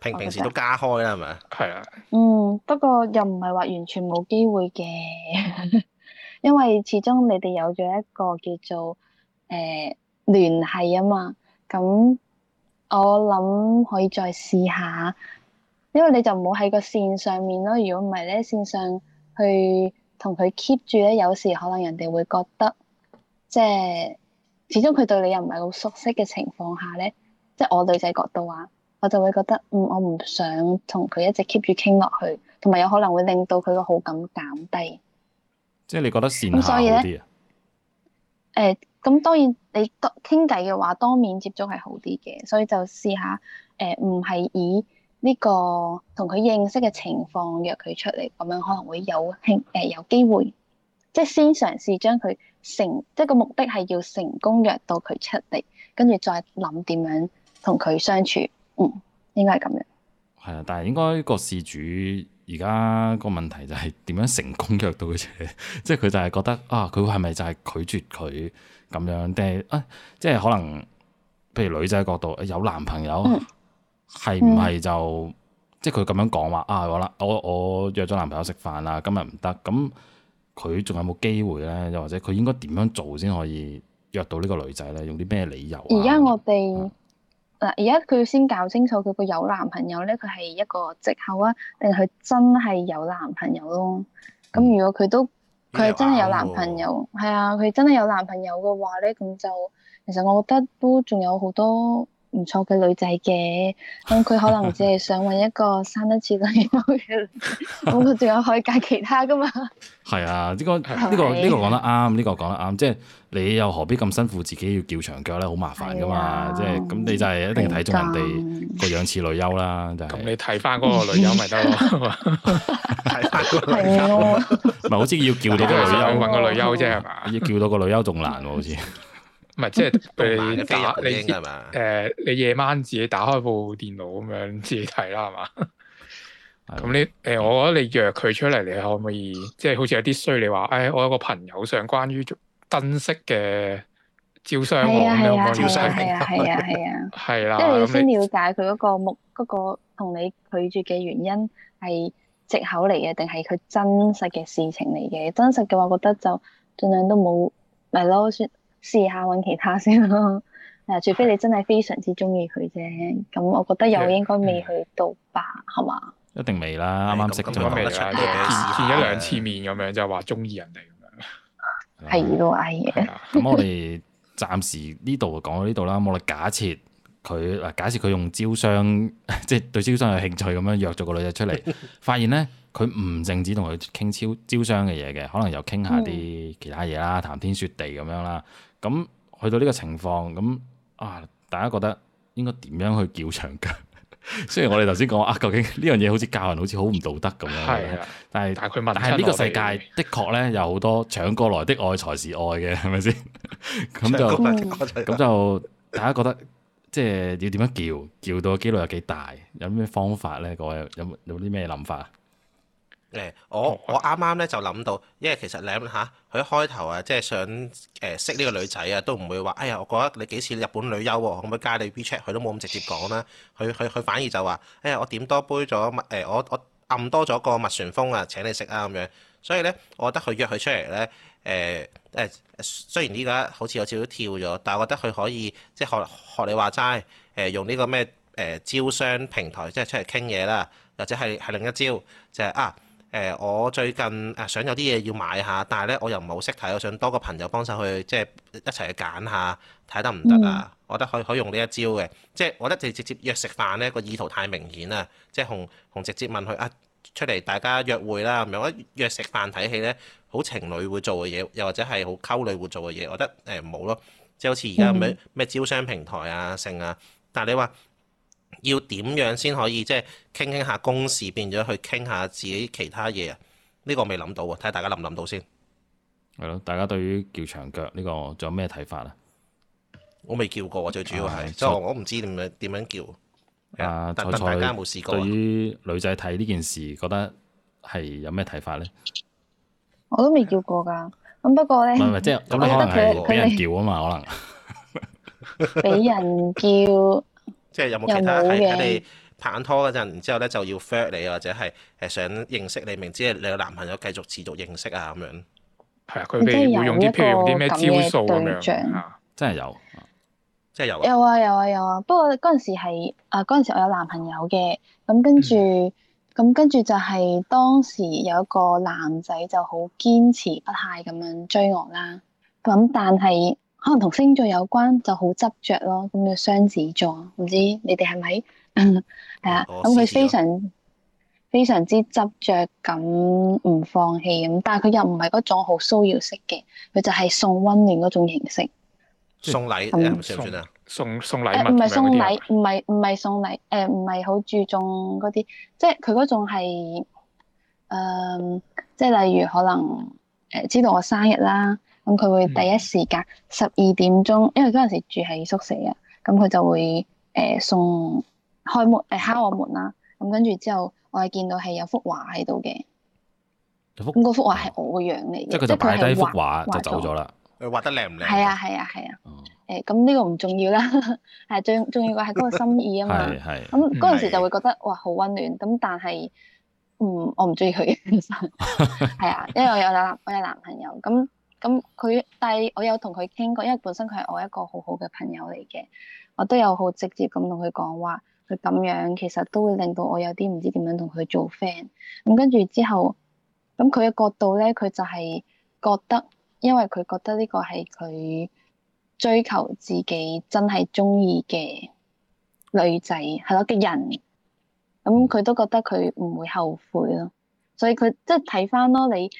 [SPEAKER 3] 平平時都加開啦，係咪？
[SPEAKER 4] 係啊。嗯，不過又唔係話完全冇機會嘅， 因為始終你哋有咗一個叫做誒聯繫啊嘛。咁我諗可以再試下，因為你就唔好喺個線上面咯。如果唔係咧，線上去同佢 keep 住咧，有時可能人哋會覺得，即係始終佢對你又唔係好熟悉嘅情況下咧，即係我女仔角度話。我就會覺得，嗯，我唔想同佢一直 keep 住傾落去，同埋有，有可能會令到佢個好感減低。
[SPEAKER 1] 即係你覺得善，咁所以咧，
[SPEAKER 4] 咁、呃、當然你當傾偈嘅話，當面接觸係好啲嘅，所以就試下誒，唔、呃、係以呢個同佢認識嘅情況約佢出嚟，咁樣可能會有傾誒、呃、有機會，即係先嘗試將佢成，即係個目的係要成功約到佢出嚟，跟住再諗點樣同佢相處。嗯，應該係咁樣。
[SPEAKER 1] 係啊，但係應該個事主而家個問題就係點樣成功約到佢啫？即係佢就係覺得啊，佢係咪就係拒絕佢咁樣？定係啊？即係可能，譬如女仔角度，有男朋友係唔係就、嗯嗯、即係佢咁樣講話啊，啊？我啦，我我約咗男朋友食飯啦，今日唔得，咁佢仲有冇機會咧？又或者佢應該點樣做先可以約到呢個女仔咧？用啲咩理由、啊？而
[SPEAKER 4] 家我哋。啊嗱，而家佢要先搞清楚佢個有男朋友咧，佢係一個藉口啊，定係佢真係有男朋友咯？咁如果佢都
[SPEAKER 3] 佢係、嗯、真係有男朋友，
[SPEAKER 4] 係啊，佢真係有男朋友嘅話咧，咁就其實我覺得都仲有好多。唔錯嘅女仔嘅，咁佢可能只係想揾一個生得似女優嘅，咁佢仲有可以嫁其他噶嘛？
[SPEAKER 1] 係啊，呢、這個呢吧、這個呢、這個講得啱，呢、這個講得啱，即係你又何必咁辛苦自己要撬牆腳咧？好麻煩噶嘛，啊、即係咁你就係一定睇中人哋個樣似女優啦，就係、是。咁、嗯、 你睇翻嗰個女優咪得咯，係 咪？ 唔係 對、啊、 好似要撬到個女優，搵個女優啫係嘛？要 撬到個女優仲難喎，好似。
[SPEAKER 2] 咪係 即係你打你誒，你夜晚自己打開部電腦咁樣自己睇啦，係 嘛你？咁你誒， 我覺得你約佢出嚟，你可唔可以即係好似有啲衰？你話誒，我有個朋友上關於珍惜嘅招商喎，招商係啊係啊係啊係啦，即係你先了
[SPEAKER 4] 解佢嗰、嗰個木同、這個、你拒絕嘅原因係藉口嚟嘅，定係佢真實嘅事情嚟嘅？真實嘅話，覺得就儘量都冇係咯，哎試下揾其他先啦，誒，除非你真係非常之中意佢啫，咁我覺得又應該未去到吧，係
[SPEAKER 1] 嘛、嗯？一定未啦，啱啱識就未
[SPEAKER 2] 啦，見、嗯、一兩次面咁樣就話中意人哋咁
[SPEAKER 4] 樣，係咯、啊，係。
[SPEAKER 1] 咁我哋暫時呢度講到呢度啦，我哋假設佢誒假設佢用招商，即係對招商有興趣咁樣約咗個女仔出嚟，發現咧佢唔淨止同佢傾超招商嘅嘢嘅，可能又傾下啲其他嘢啦，談天說地咁樣啦。咁去到呢個情況，咁啊，大家覺得應該點樣去撬牆腳？雖然我哋頭先講啊，究竟呢樣嘢好似教人好似好唔道德咁樣，係 但係但係呢個世界的確咧有好多搶過來的愛才是愛嘅，係咪先？咁 就咁 就大家覺得即係、就是、要點樣撬撬到嘅機率有幾大？有咩方法咧？各位有有啲咩諗法啊？
[SPEAKER 3] 誒，我我啱啱咧就諗到，因為其實你諗下，佢一開頭啊，即係想誒識呢個女仔啊，都唔會話，哎呀，我覺得你幾似日本女遊女優喎，可唔可以加你 WeChat？佢都冇咁直接講啦，佢佢佢反而就話，哎呀，我點多杯咗麥誒，我我暗多咗個麥旋風啊，請你食啊咁樣。所以咧，我覺得佢約佢出嚟咧，誒誒，雖然依家好似有少少跳咗，但係我覺得佢可以即係學學你話齋，誒用呢個咩誒招商平台即係、就是、出嚟傾嘢啦，或者係係另一招就係、是、啊。誒、欸，我最近誒想有啲嘢要買下，但係咧我又唔係好識睇，我想多個朋友幫手去，即係一齊去揀下，睇得唔得啊？我覺得可以可以用呢一招嘅，即係我覺得就直接約食飯咧，個意圖太明顯啦，即係紅紅直接問佢啊出嚟大家約會啦，唔係我約食飯睇戲咧，好情侶會做嘅嘢，又或者係好溝女會做嘅嘢，我覺得欸、唔好咯，即係好似而家咁樣咩招商平台啊剩啊，但係你話。要點樣先可以，即係傾傾下公事，變咗去傾下自己其他嘢啊？呢、這個未諗到喎，睇下大家諗唔諗到先。
[SPEAKER 1] 係咯，大家對於撬牆腳呢、這個，仲有咩睇法啊？
[SPEAKER 3] 我未撬過，最主要係即、啊、我唔知點樣點樣撬。
[SPEAKER 1] 啊，但，塞塞但大家冇試過。對於女仔睇呢件事，覺得係有咩睇法咧？
[SPEAKER 4] 我都未撬過噶，咁不過咧，唔係唔係，即係我覺得係俾人
[SPEAKER 3] 撬啊嘛，可能俾
[SPEAKER 4] 人撬。
[SPEAKER 3] 即係有冇其他睇你拍緊拖嗰陣，然之後咧就要 f e a l 你，或者係誒想認識你，明知你個男朋友繼續持續認識啊咁樣，係、嗯、啊，佢哋會用啲譬如、啲咩招數咁樣，真係有，真係有。有
[SPEAKER 4] 啊有啊有啊！不過嗰陣時係啊，嗰陣時我有男朋友嘅，咁跟住，咁、嗯、跟住就係當時有一個男仔就好堅持不懈咁樣追我啦，咁但係。可能同星座有關，就好執着咯。咁叫雙子座，唔知你哋係咪？係 啊的，咁佢非常非常之執着，咁唔放棄咁，但係佢又唔係嗰種好騷擾式嘅，佢就係送溫暖嗰種形式。
[SPEAKER 3] 送禮啊、嗯送呃？送
[SPEAKER 2] 送，送禮物唔係送禮，
[SPEAKER 4] 唔係唔係送禮，誒唔係好注重嗰啲，即係佢嗰種係、呃、即係例如可能誒、呃、知道我生日啦。啦啦啦啦咁佢會第一時間十二點鐘，因為嗰陣時住喺宿舍啊，咁佢就會誒送開門誒敲我門啦。咁跟住之後，我係見到係有幅畫喺度嘅。咁嗰、嗯、幅畫係我個樣嚟，嘅、哦，即係佢派低一幅畫就走咗啦。
[SPEAKER 3] 佢畫得靚唔靚？
[SPEAKER 4] 係啊係啊係啊。誒、哦，咁呢個唔重要啦，係最重要嘅係嗰個心意啊嘛。係咁嗰陣時就會覺得哇好温暖。咁但係，嗯，我唔中意佢嘅身。係 啊， 因、就、為、是、我有男我有男朋友咁。咁佢，但係我有同佢傾過，因為本身佢係我一個好好嘅朋友嚟嘅，我都有好直接咁同佢講話，佢咁樣其實都會令到我有啲唔知點樣同佢做 friend。咁跟住之後，咁佢嘅角度咧，佢就係覺得，因為佢覺得呢個係佢追求自己真係中意嘅女仔，係咯嘅人，咁、嗯、佢都覺得佢唔會後悔咯。所以佢即係睇翻咯，就是、你。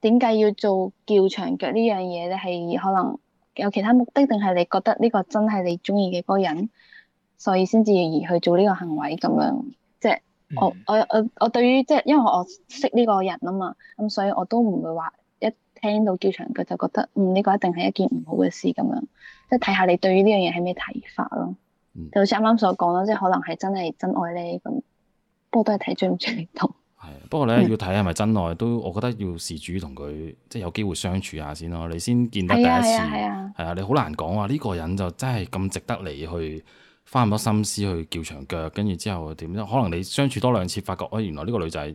[SPEAKER 4] 點解要做撬牆腳呢樣嘢咧？係可能有其他目的，定係你覺得呢個真係你中意嘅嗰個人，所以先至而去做呢個行為咁樣。即係我我我我對於即係，因為我識呢個人啊嘛，咁所以我都唔會話一聽到撬牆腳就覺得，嗯，呢個一定係一件唔好嘅事咁樣。即係睇下你對於呢樣嘢係咩睇法咯。嗯、就好似啱啱所講啦，即係可能係真係真愛咧咁，不過都係睇追唔追得到
[SPEAKER 1] 係，不過咧要睇係咪真愛都，我覺得要事主同佢即係有機會相處下先咯，你先見得第一次係啊，你好難講話呢個人就真係咁值得你去花咁多心思去撬牆腳，跟住之後點樣？可能你相處多兩次，發覺哦、哎、原來呢個女仔。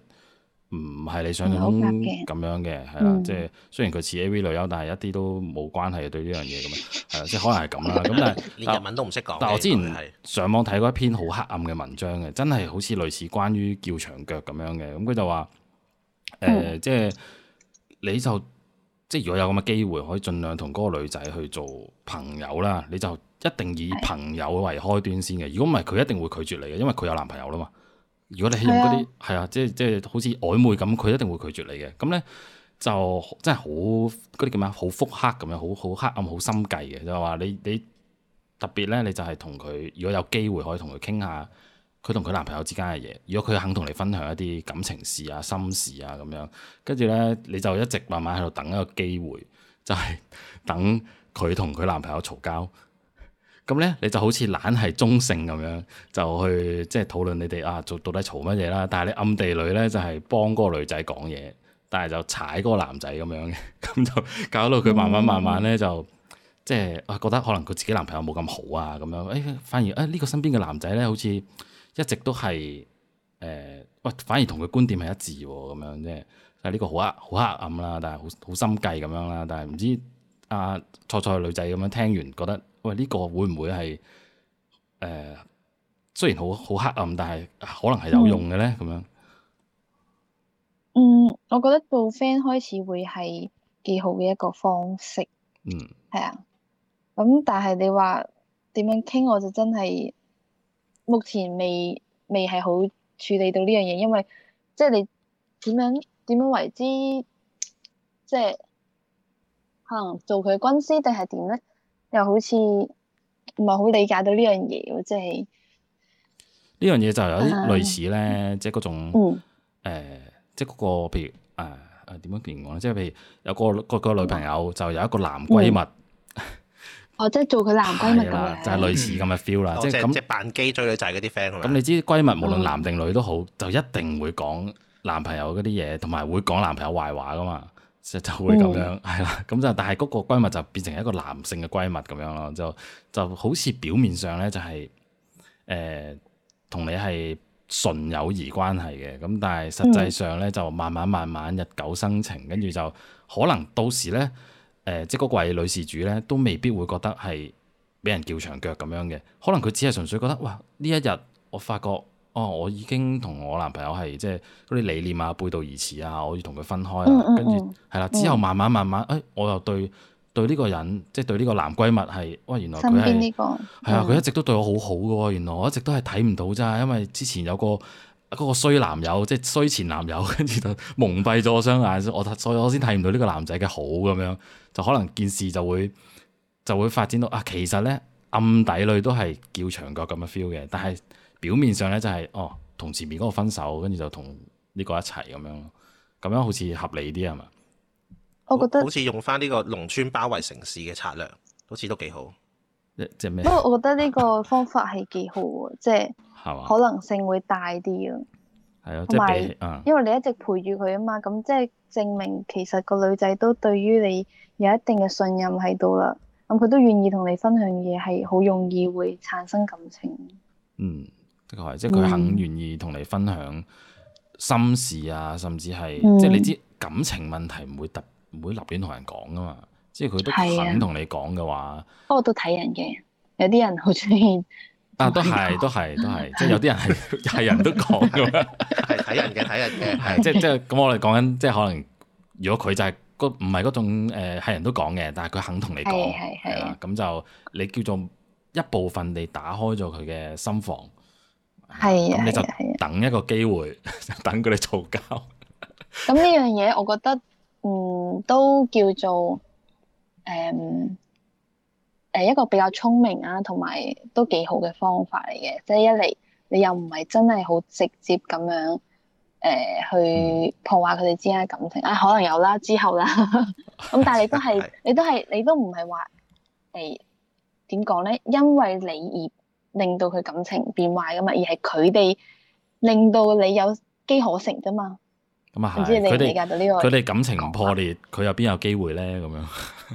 [SPEAKER 1] 唔係你想象中咁樣嘅，係啦，的嗯、即係雖然佢似 A V 女優，但係一啲都冇關係對呢樣嘢咁樣，係啦，即係可能係咁啦。咁但係你日文都
[SPEAKER 3] 唔識講。但我之前係
[SPEAKER 1] 上網睇過一篇好黑暗嘅文章嘅，真係好似類似關於叫長腳咁樣嘅。咁佢就話，
[SPEAKER 4] 誒、呃嗯，
[SPEAKER 1] 即係你就即係如果有咁嘅機會，可以盡量同嗰個女仔去做朋友啦。你就一定以朋友為開端先嘅。如果唔係，佢一定會拒絕你嘅，因為佢有男朋友啦嘛。如果你係用嗰啲係啊，即係即係好似曖昧咁，佢一定會拒絕你嘅。咁咧就即係好嗰啲叫咩？好腹黑咁樣，好好黑暗、好心計嘅就係話你你特別咧，你就係同佢如果有機會可以同佢傾下佢同佢男朋友之間嘅嘢。如果佢肯同你分享一啲感情事啊、心事啊咁樣，跟住咧你就一直慢慢喺度等一個機會，就係等佢同佢男朋友嘈交。咁咧，你就好似懶係中性咁樣，就去即係、就是、討論你哋啊，做到底嘈乜嘢啦？但係你暗地裏咧就係、是、幫嗰個女仔講嘢，但係就踩嗰個男仔咁樣嘅，咁就搞到佢慢慢慢慢咧、嗯嗯嗯、就即係啊，覺得可能佢自己男朋友冇咁好啊，咁樣誒、哎，反而啊呢、這個身邊嘅男仔咧，好似一直都係誒，喂、呃、反而同佢觀點係一致咁樣啫。但係呢個好黑好黑暗啦，但係好好心計咁樣啦，但係唔知阿菜菜女仔咁樣聽完覺得。喂，呢個會唔會係誒、呃？雖然好好黑暗，但係可能係有用嘅咧。咁、嗯、樣，
[SPEAKER 4] 嗯，我覺得做 friend 開始會係幾好嘅一個方式。嗯，係啊。咁、嗯、但係你話點樣傾，我就真係目前未未係好處理到呢樣嘢，因為即係你點樣點樣為之，即係可能做佢軍師定係點咧？又好似唔係好理解到呢樣嘢，即係
[SPEAKER 1] 呢樣嘢就有啲類似咧，即係嗰種誒，即係嗰個，譬如誒誒，點樣形容咧？即係譬如有個個個女朋友就有一個男閨蜜，
[SPEAKER 4] 哦，即係做佢男閨蜜啦，
[SPEAKER 1] 就係類似咁嘅 feel 啦，即係即
[SPEAKER 3] 係扮基追女仔嗰啲 friend 啦。咁你
[SPEAKER 1] 知閨蜜無論男定女都好，就一定會講男朋友嗰啲嘢，同埋會講男朋友壞話噶嘛。就就會咁樣，係啦、嗯，咁就 但係嗰個閨蜜就變成一個男性嘅閨蜜咁樣咯，就就好似表面上咧就係、是，誒、呃，同你係純友誼關係嘅，咁但係實際上咧就慢慢慢慢日久生情，跟住、嗯、就可能到時咧，誒、呃，即係嗰位女事主咧都未必會覺得係俾人撬牆腳咁樣嘅，可能佢只係純粹覺得哇，呢一日我發覺。哦，我已經同我男朋友係即係嗰啲理念啊背道而馳啊，我要同佢分開啊。跟住係啦，之後慢慢慢慢，哎，我又對對呢個人，即、就、係、是、對呢個男閨蜜係，喂、哎，原來佢邊係、
[SPEAKER 4] 這個嗯、啊，佢一直
[SPEAKER 1] 都對我好好嘅喎。原來我一直都係睇唔到咋，因為之前有個嗰、那個衰男友，即係衰前男友，跟 住就蒙蔽咗雙眼，我所以我先睇唔到呢個男仔嘅好咁樣，就可能件事就會就會發展到啊，其實咧暗底裏都係叫長角咁嘅 feel 嘅，但係。表面上咧就係、是、哦，同前面嗰個分手，跟住就同呢個一齊咁樣，
[SPEAKER 3] 咁樣好似合理啲係嘛？
[SPEAKER 4] 我覺得好似
[SPEAKER 3] 用翻呢個農村包圍城市嘅策略，好似都幾好。即係咩？不過我
[SPEAKER 4] 覺得呢個方法係幾好啊，即係係可能性會大啲啊。係啊，即係俾因為你一直陪住佢啊嘛，咁即係證明其實個女仔都對於你有一定嘅信任喺度啦。咁佢都願意同你分享嘢，係好容易會產生感情。嗯。
[SPEAKER 1] 即係佢肯願意同你分享心事啊，甚至係即係你知感情問題唔會特唔會立亂同人講噶嘛，即係佢都肯同你講嘅話。
[SPEAKER 4] 不過、哦、都睇人嘅，有啲人好中
[SPEAKER 1] 意，但係都係都係都係，即係有啲人係係人都講噶嘛，係睇人嘅睇人嘅，係即係即係咁我哋講緊即係可能如果佢就係唔係嗰種誒係人都講嘅，但係佢肯同你講，係啦，咁就你叫做一部分地打開咗佢嘅心房。
[SPEAKER 4] 係啊，你就
[SPEAKER 1] 等一個機會， 等佢哋嘈交。
[SPEAKER 4] 咁呢樣嘢，我覺得嗯都叫做誒誒、嗯呃、一個比較聰明啊，同埋都幾好嘅方法嚟嘅。即、就、係、是、一嚟你又唔係真係好直接咁樣誒、呃、去破壞佢哋之間嘅感情啊、嗯哎，可能有啦，之後啦。咁、 嗯、但係你都係 你都係你都唔係話誒點講咧，因為你而令到佢感情變壞噶嘛，而係佢哋令到你有機可乘啫嘛。
[SPEAKER 1] 咁啊係，唔知你理解到呢個意思？佢哋佢哋感情唔破裂，佢又邊有機會咧？咁樣。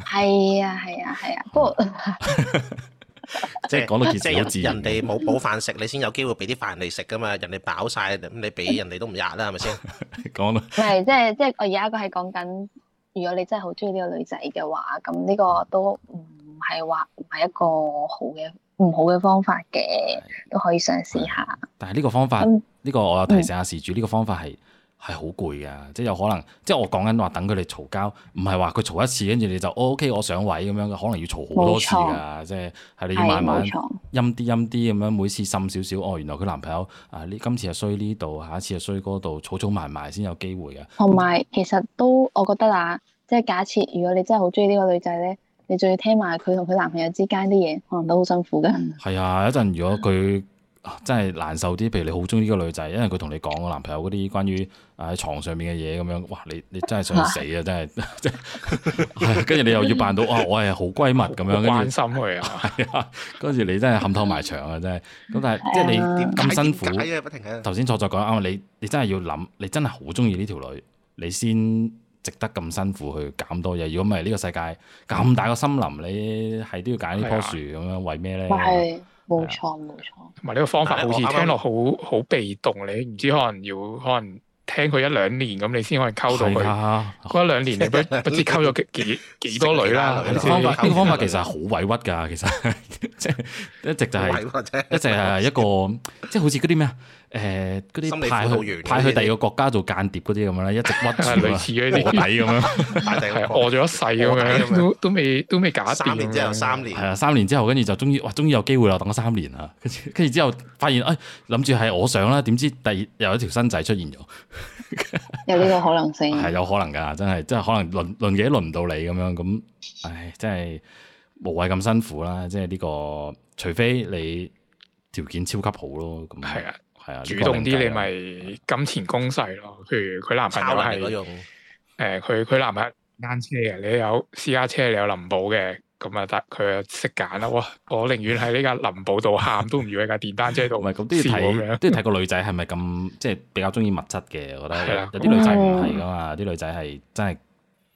[SPEAKER 4] 係啊係啊係啊，不過、啊
[SPEAKER 3] 啊、即係講到結尾好自然。人哋冇冇飯食，你先有機會俾啲飯你食噶嘛。人哋飽晒，你俾人哋都唔吔啦，係咪先？講到。
[SPEAKER 4] 係，即係即係，我而家一個係講緊，如果你真係好中意呢個女仔嘅話，咁呢個都唔係話唔係一個好嘅。唔好嘅方法嘅，的都可以嘗試下。
[SPEAKER 1] 但係呢個方法，呢、嗯、個我又提醒阿、啊、事主，呢、這個方法係係好攰嘅，即係有可能，即係我講緊話等佢哋嘈交，唔係話佢嘈一次，跟住你就 O、OK, K，我上位咁樣，可能要嘈好多次噶，錯即係係你要慢慢錯陰啲陰啲咁樣，每次滲少少，哦，原來佢男朋友啊，呢今次係衰呢度，下次吵一次係衰嗰度，嘈嘈埋埋先有機會嘅。
[SPEAKER 4] 同埋、嗯，其實都我覺得啊，即係假設如果你真係好中意呢個女仔咧。 你仲要聽埋佢同佢男朋友之間啲嘢，可能都好辛苦㗎。
[SPEAKER 1] 係啊，有陣如果佢、啊、真係難受啲，譬如你好中意個女仔，因為佢同你講個男朋友嗰啲關於喺牀、啊、上面嘅嘢咁樣，哇！你你真係想死啊！真係，跟 住、嗯、你又要扮到哇、啊，我係好閨蜜咁 樣，關心佢啊，係啊，跟住你真係冚透埋牆啊，真係。咁但係即係你咁辛苦，頭先錯作講啱，你你真係要諗，你真係好中意呢條女，你先。你值得咁辛苦去減多嘢，如果唔係呢個世界咁大個森林，你係都要揀的呢棵樹咁樣，為咩咧？
[SPEAKER 2] 係冇錯
[SPEAKER 4] 冇錯。同埋呢個方法好似聽落
[SPEAKER 2] 好好被動，你唔知可能要可能聽佢一兩年咁，你先可以溝到佢。嗰的一兩年你不不知溝咗幾 幾，幾多女啦？呢個方法其實
[SPEAKER 1] 好委屈噶，其實即係 一直就係、是、一直係一個即係 好似嗰啲咩啊？誒、啲、呃、派去派去第二個國家做間諜嗰啲咁樣啦，一直屈住啊， 類似嗰啲臥底咁樣，
[SPEAKER 2] 係臥咗一世咁樣，
[SPEAKER 1] 都未都未搞
[SPEAKER 3] 三年之後三年，係啊，
[SPEAKER 1] 三年之後跟住就終於哇，終於有機會啦，等咗三年啊，跟住跟住之後發現誒，諗住係我上啦，點知第二又一條新仔出現咗，
[SPEAKER 4] 有呢個可能性，係
[SPEAKER 1] 有可能噶，真係真係可能輪輪幾輪唔到你咁樣咁，唉，真係無謂咁辛苦啦，即係呢、呢個，除非你條件超級好咯，咁係啊。係啊，主動啲你咪
[SPEAKER 2] 金錢攻勢咯。譬如佢男朋友係，誒，佢佢，呃、男朋友單車嘅，你有私家車，你有林寶嘅，咁啊，得。佢又識揀啦。哇，我寧願喺呢架林寶度喊， 都唔要喺架電單車度。咪
[SPEAKER 1] 咁都要睇， 都要睇個女仔係咪咁，即、就、係、是、比較中意物質嘅。我覺得、啊、有啲女仔唔係噶嘛，啲、嗯嗯、女仔係真係，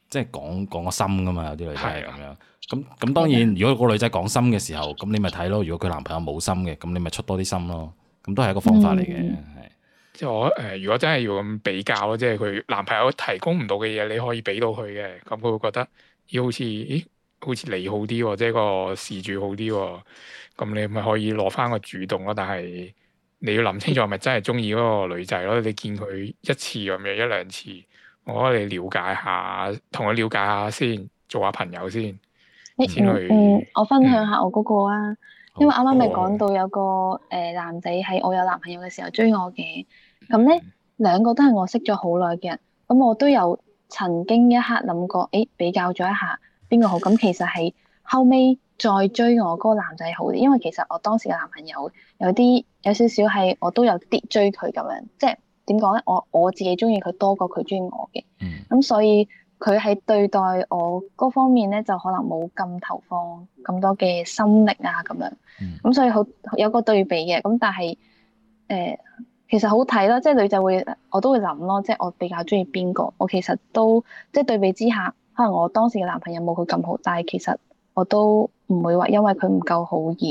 [SPEAKER 1] 即係講講個心噶嘛。有啲女仔係咁樣。咁咁、啊、當然，如果個女仔講心嘅時候，咁你咪睇咯。如果佢男朋友冇心嘅，咁你咪出多啲心咯。咁都係一個方法嚟嘅，係、
[SPEAKER 2] 嗯、即係我誒、呃，如果真係要咁比較咯，即係佢男朋友提供唔到嘅嘢，你可以俾到佢嘅，咁佢會覺得咦好似，咦，好似你好啲、哦，即係個事主好啲、哦，咁你咪可以攞翻個主動咯。但係你要諗清楚，係咪真係中意嗰個女仔咯？你見佢一次咁樣一兩次，我覺得你了解下，同佢了解下先，做下朋友先。
[SPEAKER 4] 嗯嗯，我分享下我嗰個啊。因為啱啱咪講到有個誒男仔喺我有男朋友嘅時候追我嘅，咁咧兩個都係我識咗好耐嘅人，咁我都有曾經一刻諗過，誒、欸、比較咗一下邊個好，咁其實係後尾再追我嗰個男仔好啲，因為其實我當時嘅男朋友有啲有少少係我都有啲追佢咁樣，即係點講咧，我我自己中意佢多過佢中意我嘅，咁所以。佢喺對待我嗰方面咧，就可能冇咁投放咁多嘅心力啊，咁樣咁、嗯嗯、所以好有個對比嘅。咁但係誒、呃，其實好睇咯，即係女仔會我都會諗咯，即係我比較鍾意邊個。我其實都即係對比之下，可能我當時嘅男朋友冇佢咁好，但係其實我都唔會話因為佢唔夠好而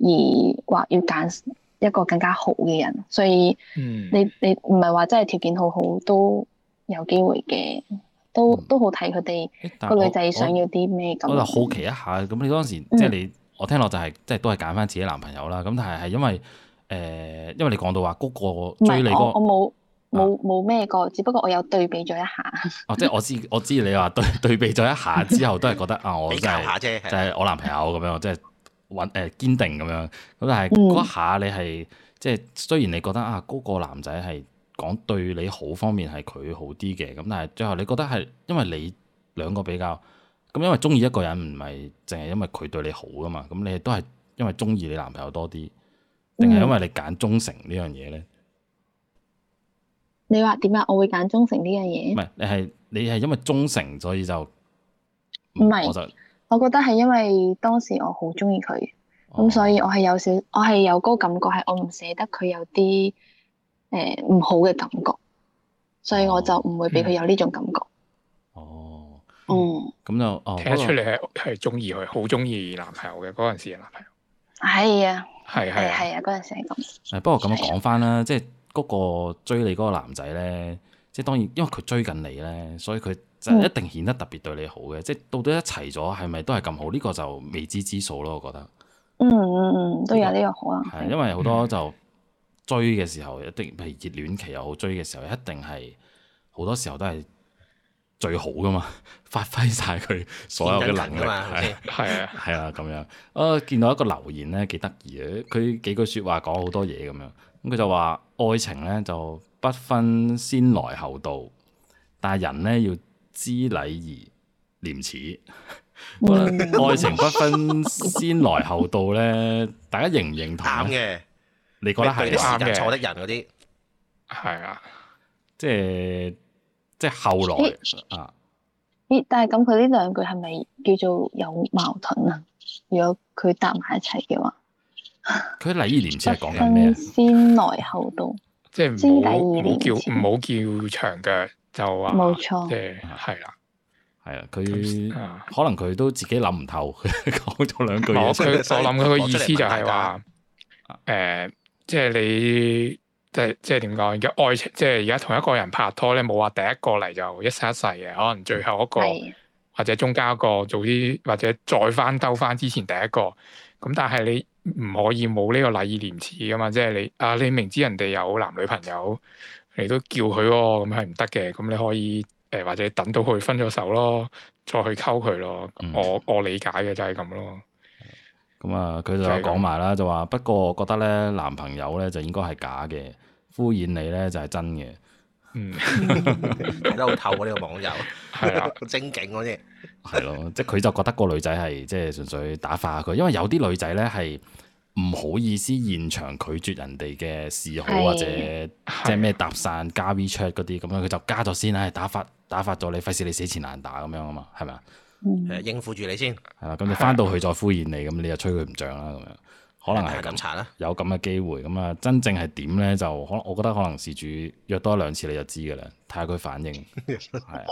[SPEAKER 4] 而話要揀一個更加好嘅人。所以你、嗯、你唔係話真係條件好好都有機會嘅。都都好睇佢哋個女仔想要啲咩咁。我就好奇
[SPEAKER 1] 一下，咁、嗯、你當時即係、就是、你，我聽落就係即係都係揀翻自己男朋友啦。咁但係係因為誒、呃，因為你講到話嗰個追你嗰，我我
[SPEAKER 4] 冇冇冇咩個，只不過我有對比咗一下。
[SPEAKER 1] 哦、啊啊，即係我知我知你話對對比咗一下之後，都係覺得 啊，我真係就係我男朋友咁樣，即係揾誒堅定咁樣。咁但係嗰下你係即係雖然你覺得啊，嗰個男仔係。講對你好方面係佢好啲嘅，咁但係最後你覺得係因為你兩個比較，咁因為中意一個人唔係淨係因為佢對你好噶嘛，咁你都係因為中意你男朋友多啲，
[SPEAKER 4] 定係因為你
[SPEAKER 1] 揀忠誠呢樣嘢咧？
[SPEAKER 4] 你話點啊？我會揀忠誠呢樣嘢。唔係
[SPEAKER 1] 你係你係因為忠誠所以就
[SPEAKER 4] 唔係。是我就我覺得係因為當時我好中意佢，咁、哦、所以我係有少我係有個感覺係我唔捨得佢有啲。誒，唔好嘅感覺，所以我就唔會俾佢有呢種感覺。哦，Oh. Hmm.
[SPEAKER 1] 嗯，咁就、嗯、聽得出你係係中
[SPEAKER 2] 意佢，好中意男朋友嘅嗰陣時嘅男朋友。
[SPEAKER 4] 係 啊，
[SPEAKER 1] 係
[SPEAKER 2] 係係啊，
[SPEAKER 4] 嗰陣、啊啊啊、時係
[SPEAKER 1] 咁。不過咁樣講翻啦，即係嗰個追你嗰個男仔咧，即係當然，因為佢追緊你咧，所以佢就一定顯得特別對你好嘅。即係到底一齊咗，係咪都係咁好？呢個就未知之數咯，我覺得。嗯
[SPEAKER 4] 嗯嗯，都有呢個好啊。係，
[SPEAKER 1] 因為好多就、嗯。嗯追嘅時候一定係熱戀期又好，追嘅時候，一定係好多時候都係最好噶嘛，發揮晒佢所有嘅能力嘛，係啊係啊咁樣。啊，我見到一個留言咧，幾得意嘅，佢幾句說話講好多嘢咁樣。咁佢就話愛情咧就不分先來後到，但係人咧要知禮而廉恥。 愛情不分先來後到咧，大家認唔認同？你覺得係啲啱嘅，錯的
[SPEAKER 3] 人嗰啲，係啊、嗯，
[SPEAKER 1] 即係即係後來
[SPEAKER 4] 啊。咦？但係咁，佢呢兩句係咪叫做有矛盾啊？如果佢搭埋一齊嘅話，
[SPEAKER 1] 佢黎依年先
[SPEAKER 2] 講嘅咩？
[SPEAKER 4] 先來後到，即係唔好唔叫唔好
[SPEAKER 1] 叫長腳就話冇錯，係啦、就是，係啊，佢、啊、 可能佢都自己諗唔透，佢講咗兩句 所。我佢我諗佢嘅意思就係
[SPEAKER 2] 話誒。嗯即係你即係即係點講，而家愛情即係而家同一個人拍拖咧，冇話第一個嚟就一世一世嘅，可能最後一個的或者中間一個做啲，或者再翻兜翻之前第一個咁，但係你唔可以冇呢個禮義廉恥噶嘛，即係你啊你明知人哋有男女朋友，你都叫佢喎，哦，咁係唔得嘅。咁你可以誒、呃、或者等到佢分咗手咯，再去溝佢咯。嗯、我我理解嘅就係咁咯。
[SPEAKER 1] 咁啊，佢就講埋啦，就話不過我覺得咧，男朋友咧就應該係假嘅，敷衍你咧就係真嘅。嗯，
[SPEAKER 3] 睇 得好透啊！呢 個網友，係啊的，好精警嗰啲。
[SPEAKER 1] 係咯 的，即係佢就覺得個女仔係即係純粹打發佢，因為有啲女仔咧係唔好意思現場拒絕人哋嘅示好或者的即係咩搭訕加 WeChat 嗰啲咁樣，佢就加咗先啦，打發打發咗你，費事你死纏爛打咁樣啊嘛，係咪啊？誒，嗯、應付住你先係啦，咁你翻到去再敷衍你，咁你又吹佢唔漲啦，咁樣可能係咁慘啦，啊、有咁嘅機會，咁啊，真正係點咧，就可能我覺得可能事主約多兩次你就知噶啦，睇下佢反應係 啊，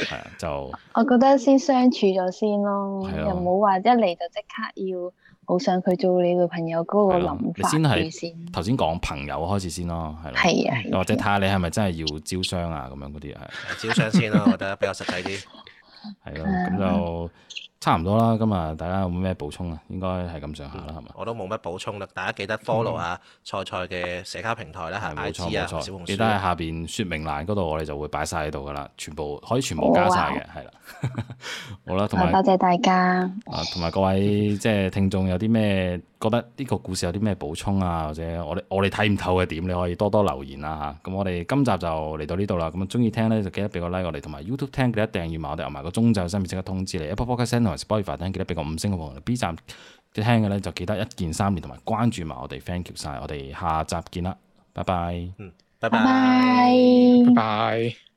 [SPEAKER 1] 係啊，就
[SPEAKER 4] 我覺得先相處咗先咯，係咯， 啊、又冇話一嚟就即刻要好想佢做你女朋友嗰個諗法先、啊，你先係
[SPEAKER 1] 頭先講朋友開始先咯，係啦，係啊，啊啊或者睇下你係咪真係要招商啊，咁樣嗰啲
[SPEAKER 3] 係招商先咯，我覺得比較實際啲。
[SPEAKER 1] 係咯，咁、嗯、就差唔多啦。今日大家有冇咩補充啊？應該係
[SPEAKER 3] 咁上下啦，係嘛？我都冇乜補充啦。大家記得 follow 下菜菜嘅社交平台啦，係咪、嗯？冇
[SPEAKER 1] 錯冇錯，錯記得喺下邊說明欄嗰度，我哋就會擺晒喺度噶啦。全部可以全部加晒嘅，係啦、啊。好啦、啊，同埋多謝
[SPEAKER 4] 大家。啊，
[SPEAKER 1] 同埋各位即係、就是、聽眾有啲咩？覺得呢個故事有啲咩補充啊，或者我哋我哋睇唔透嘅點，你可以多多留言啦、啊、吓。咁我哋今集就嚟到呢度啦。咁中意聽咧就記得俾個 like 我哋，同埋 YouTube 聽記得訂閱埋我哋，同埋個鐘就新片即刻通知你。Apple Podcast 同埋 Spotify 記得俾個五星嘅我哋。B 站即聽嘅咧就記得一鍵三連同埋關注埋我哋。Thank you 晒，我哋下集見啦，拜拜
[SPEAKER 2] 拜，
[SPEAKER 4] 拜
[SPEAKER 1] 拜。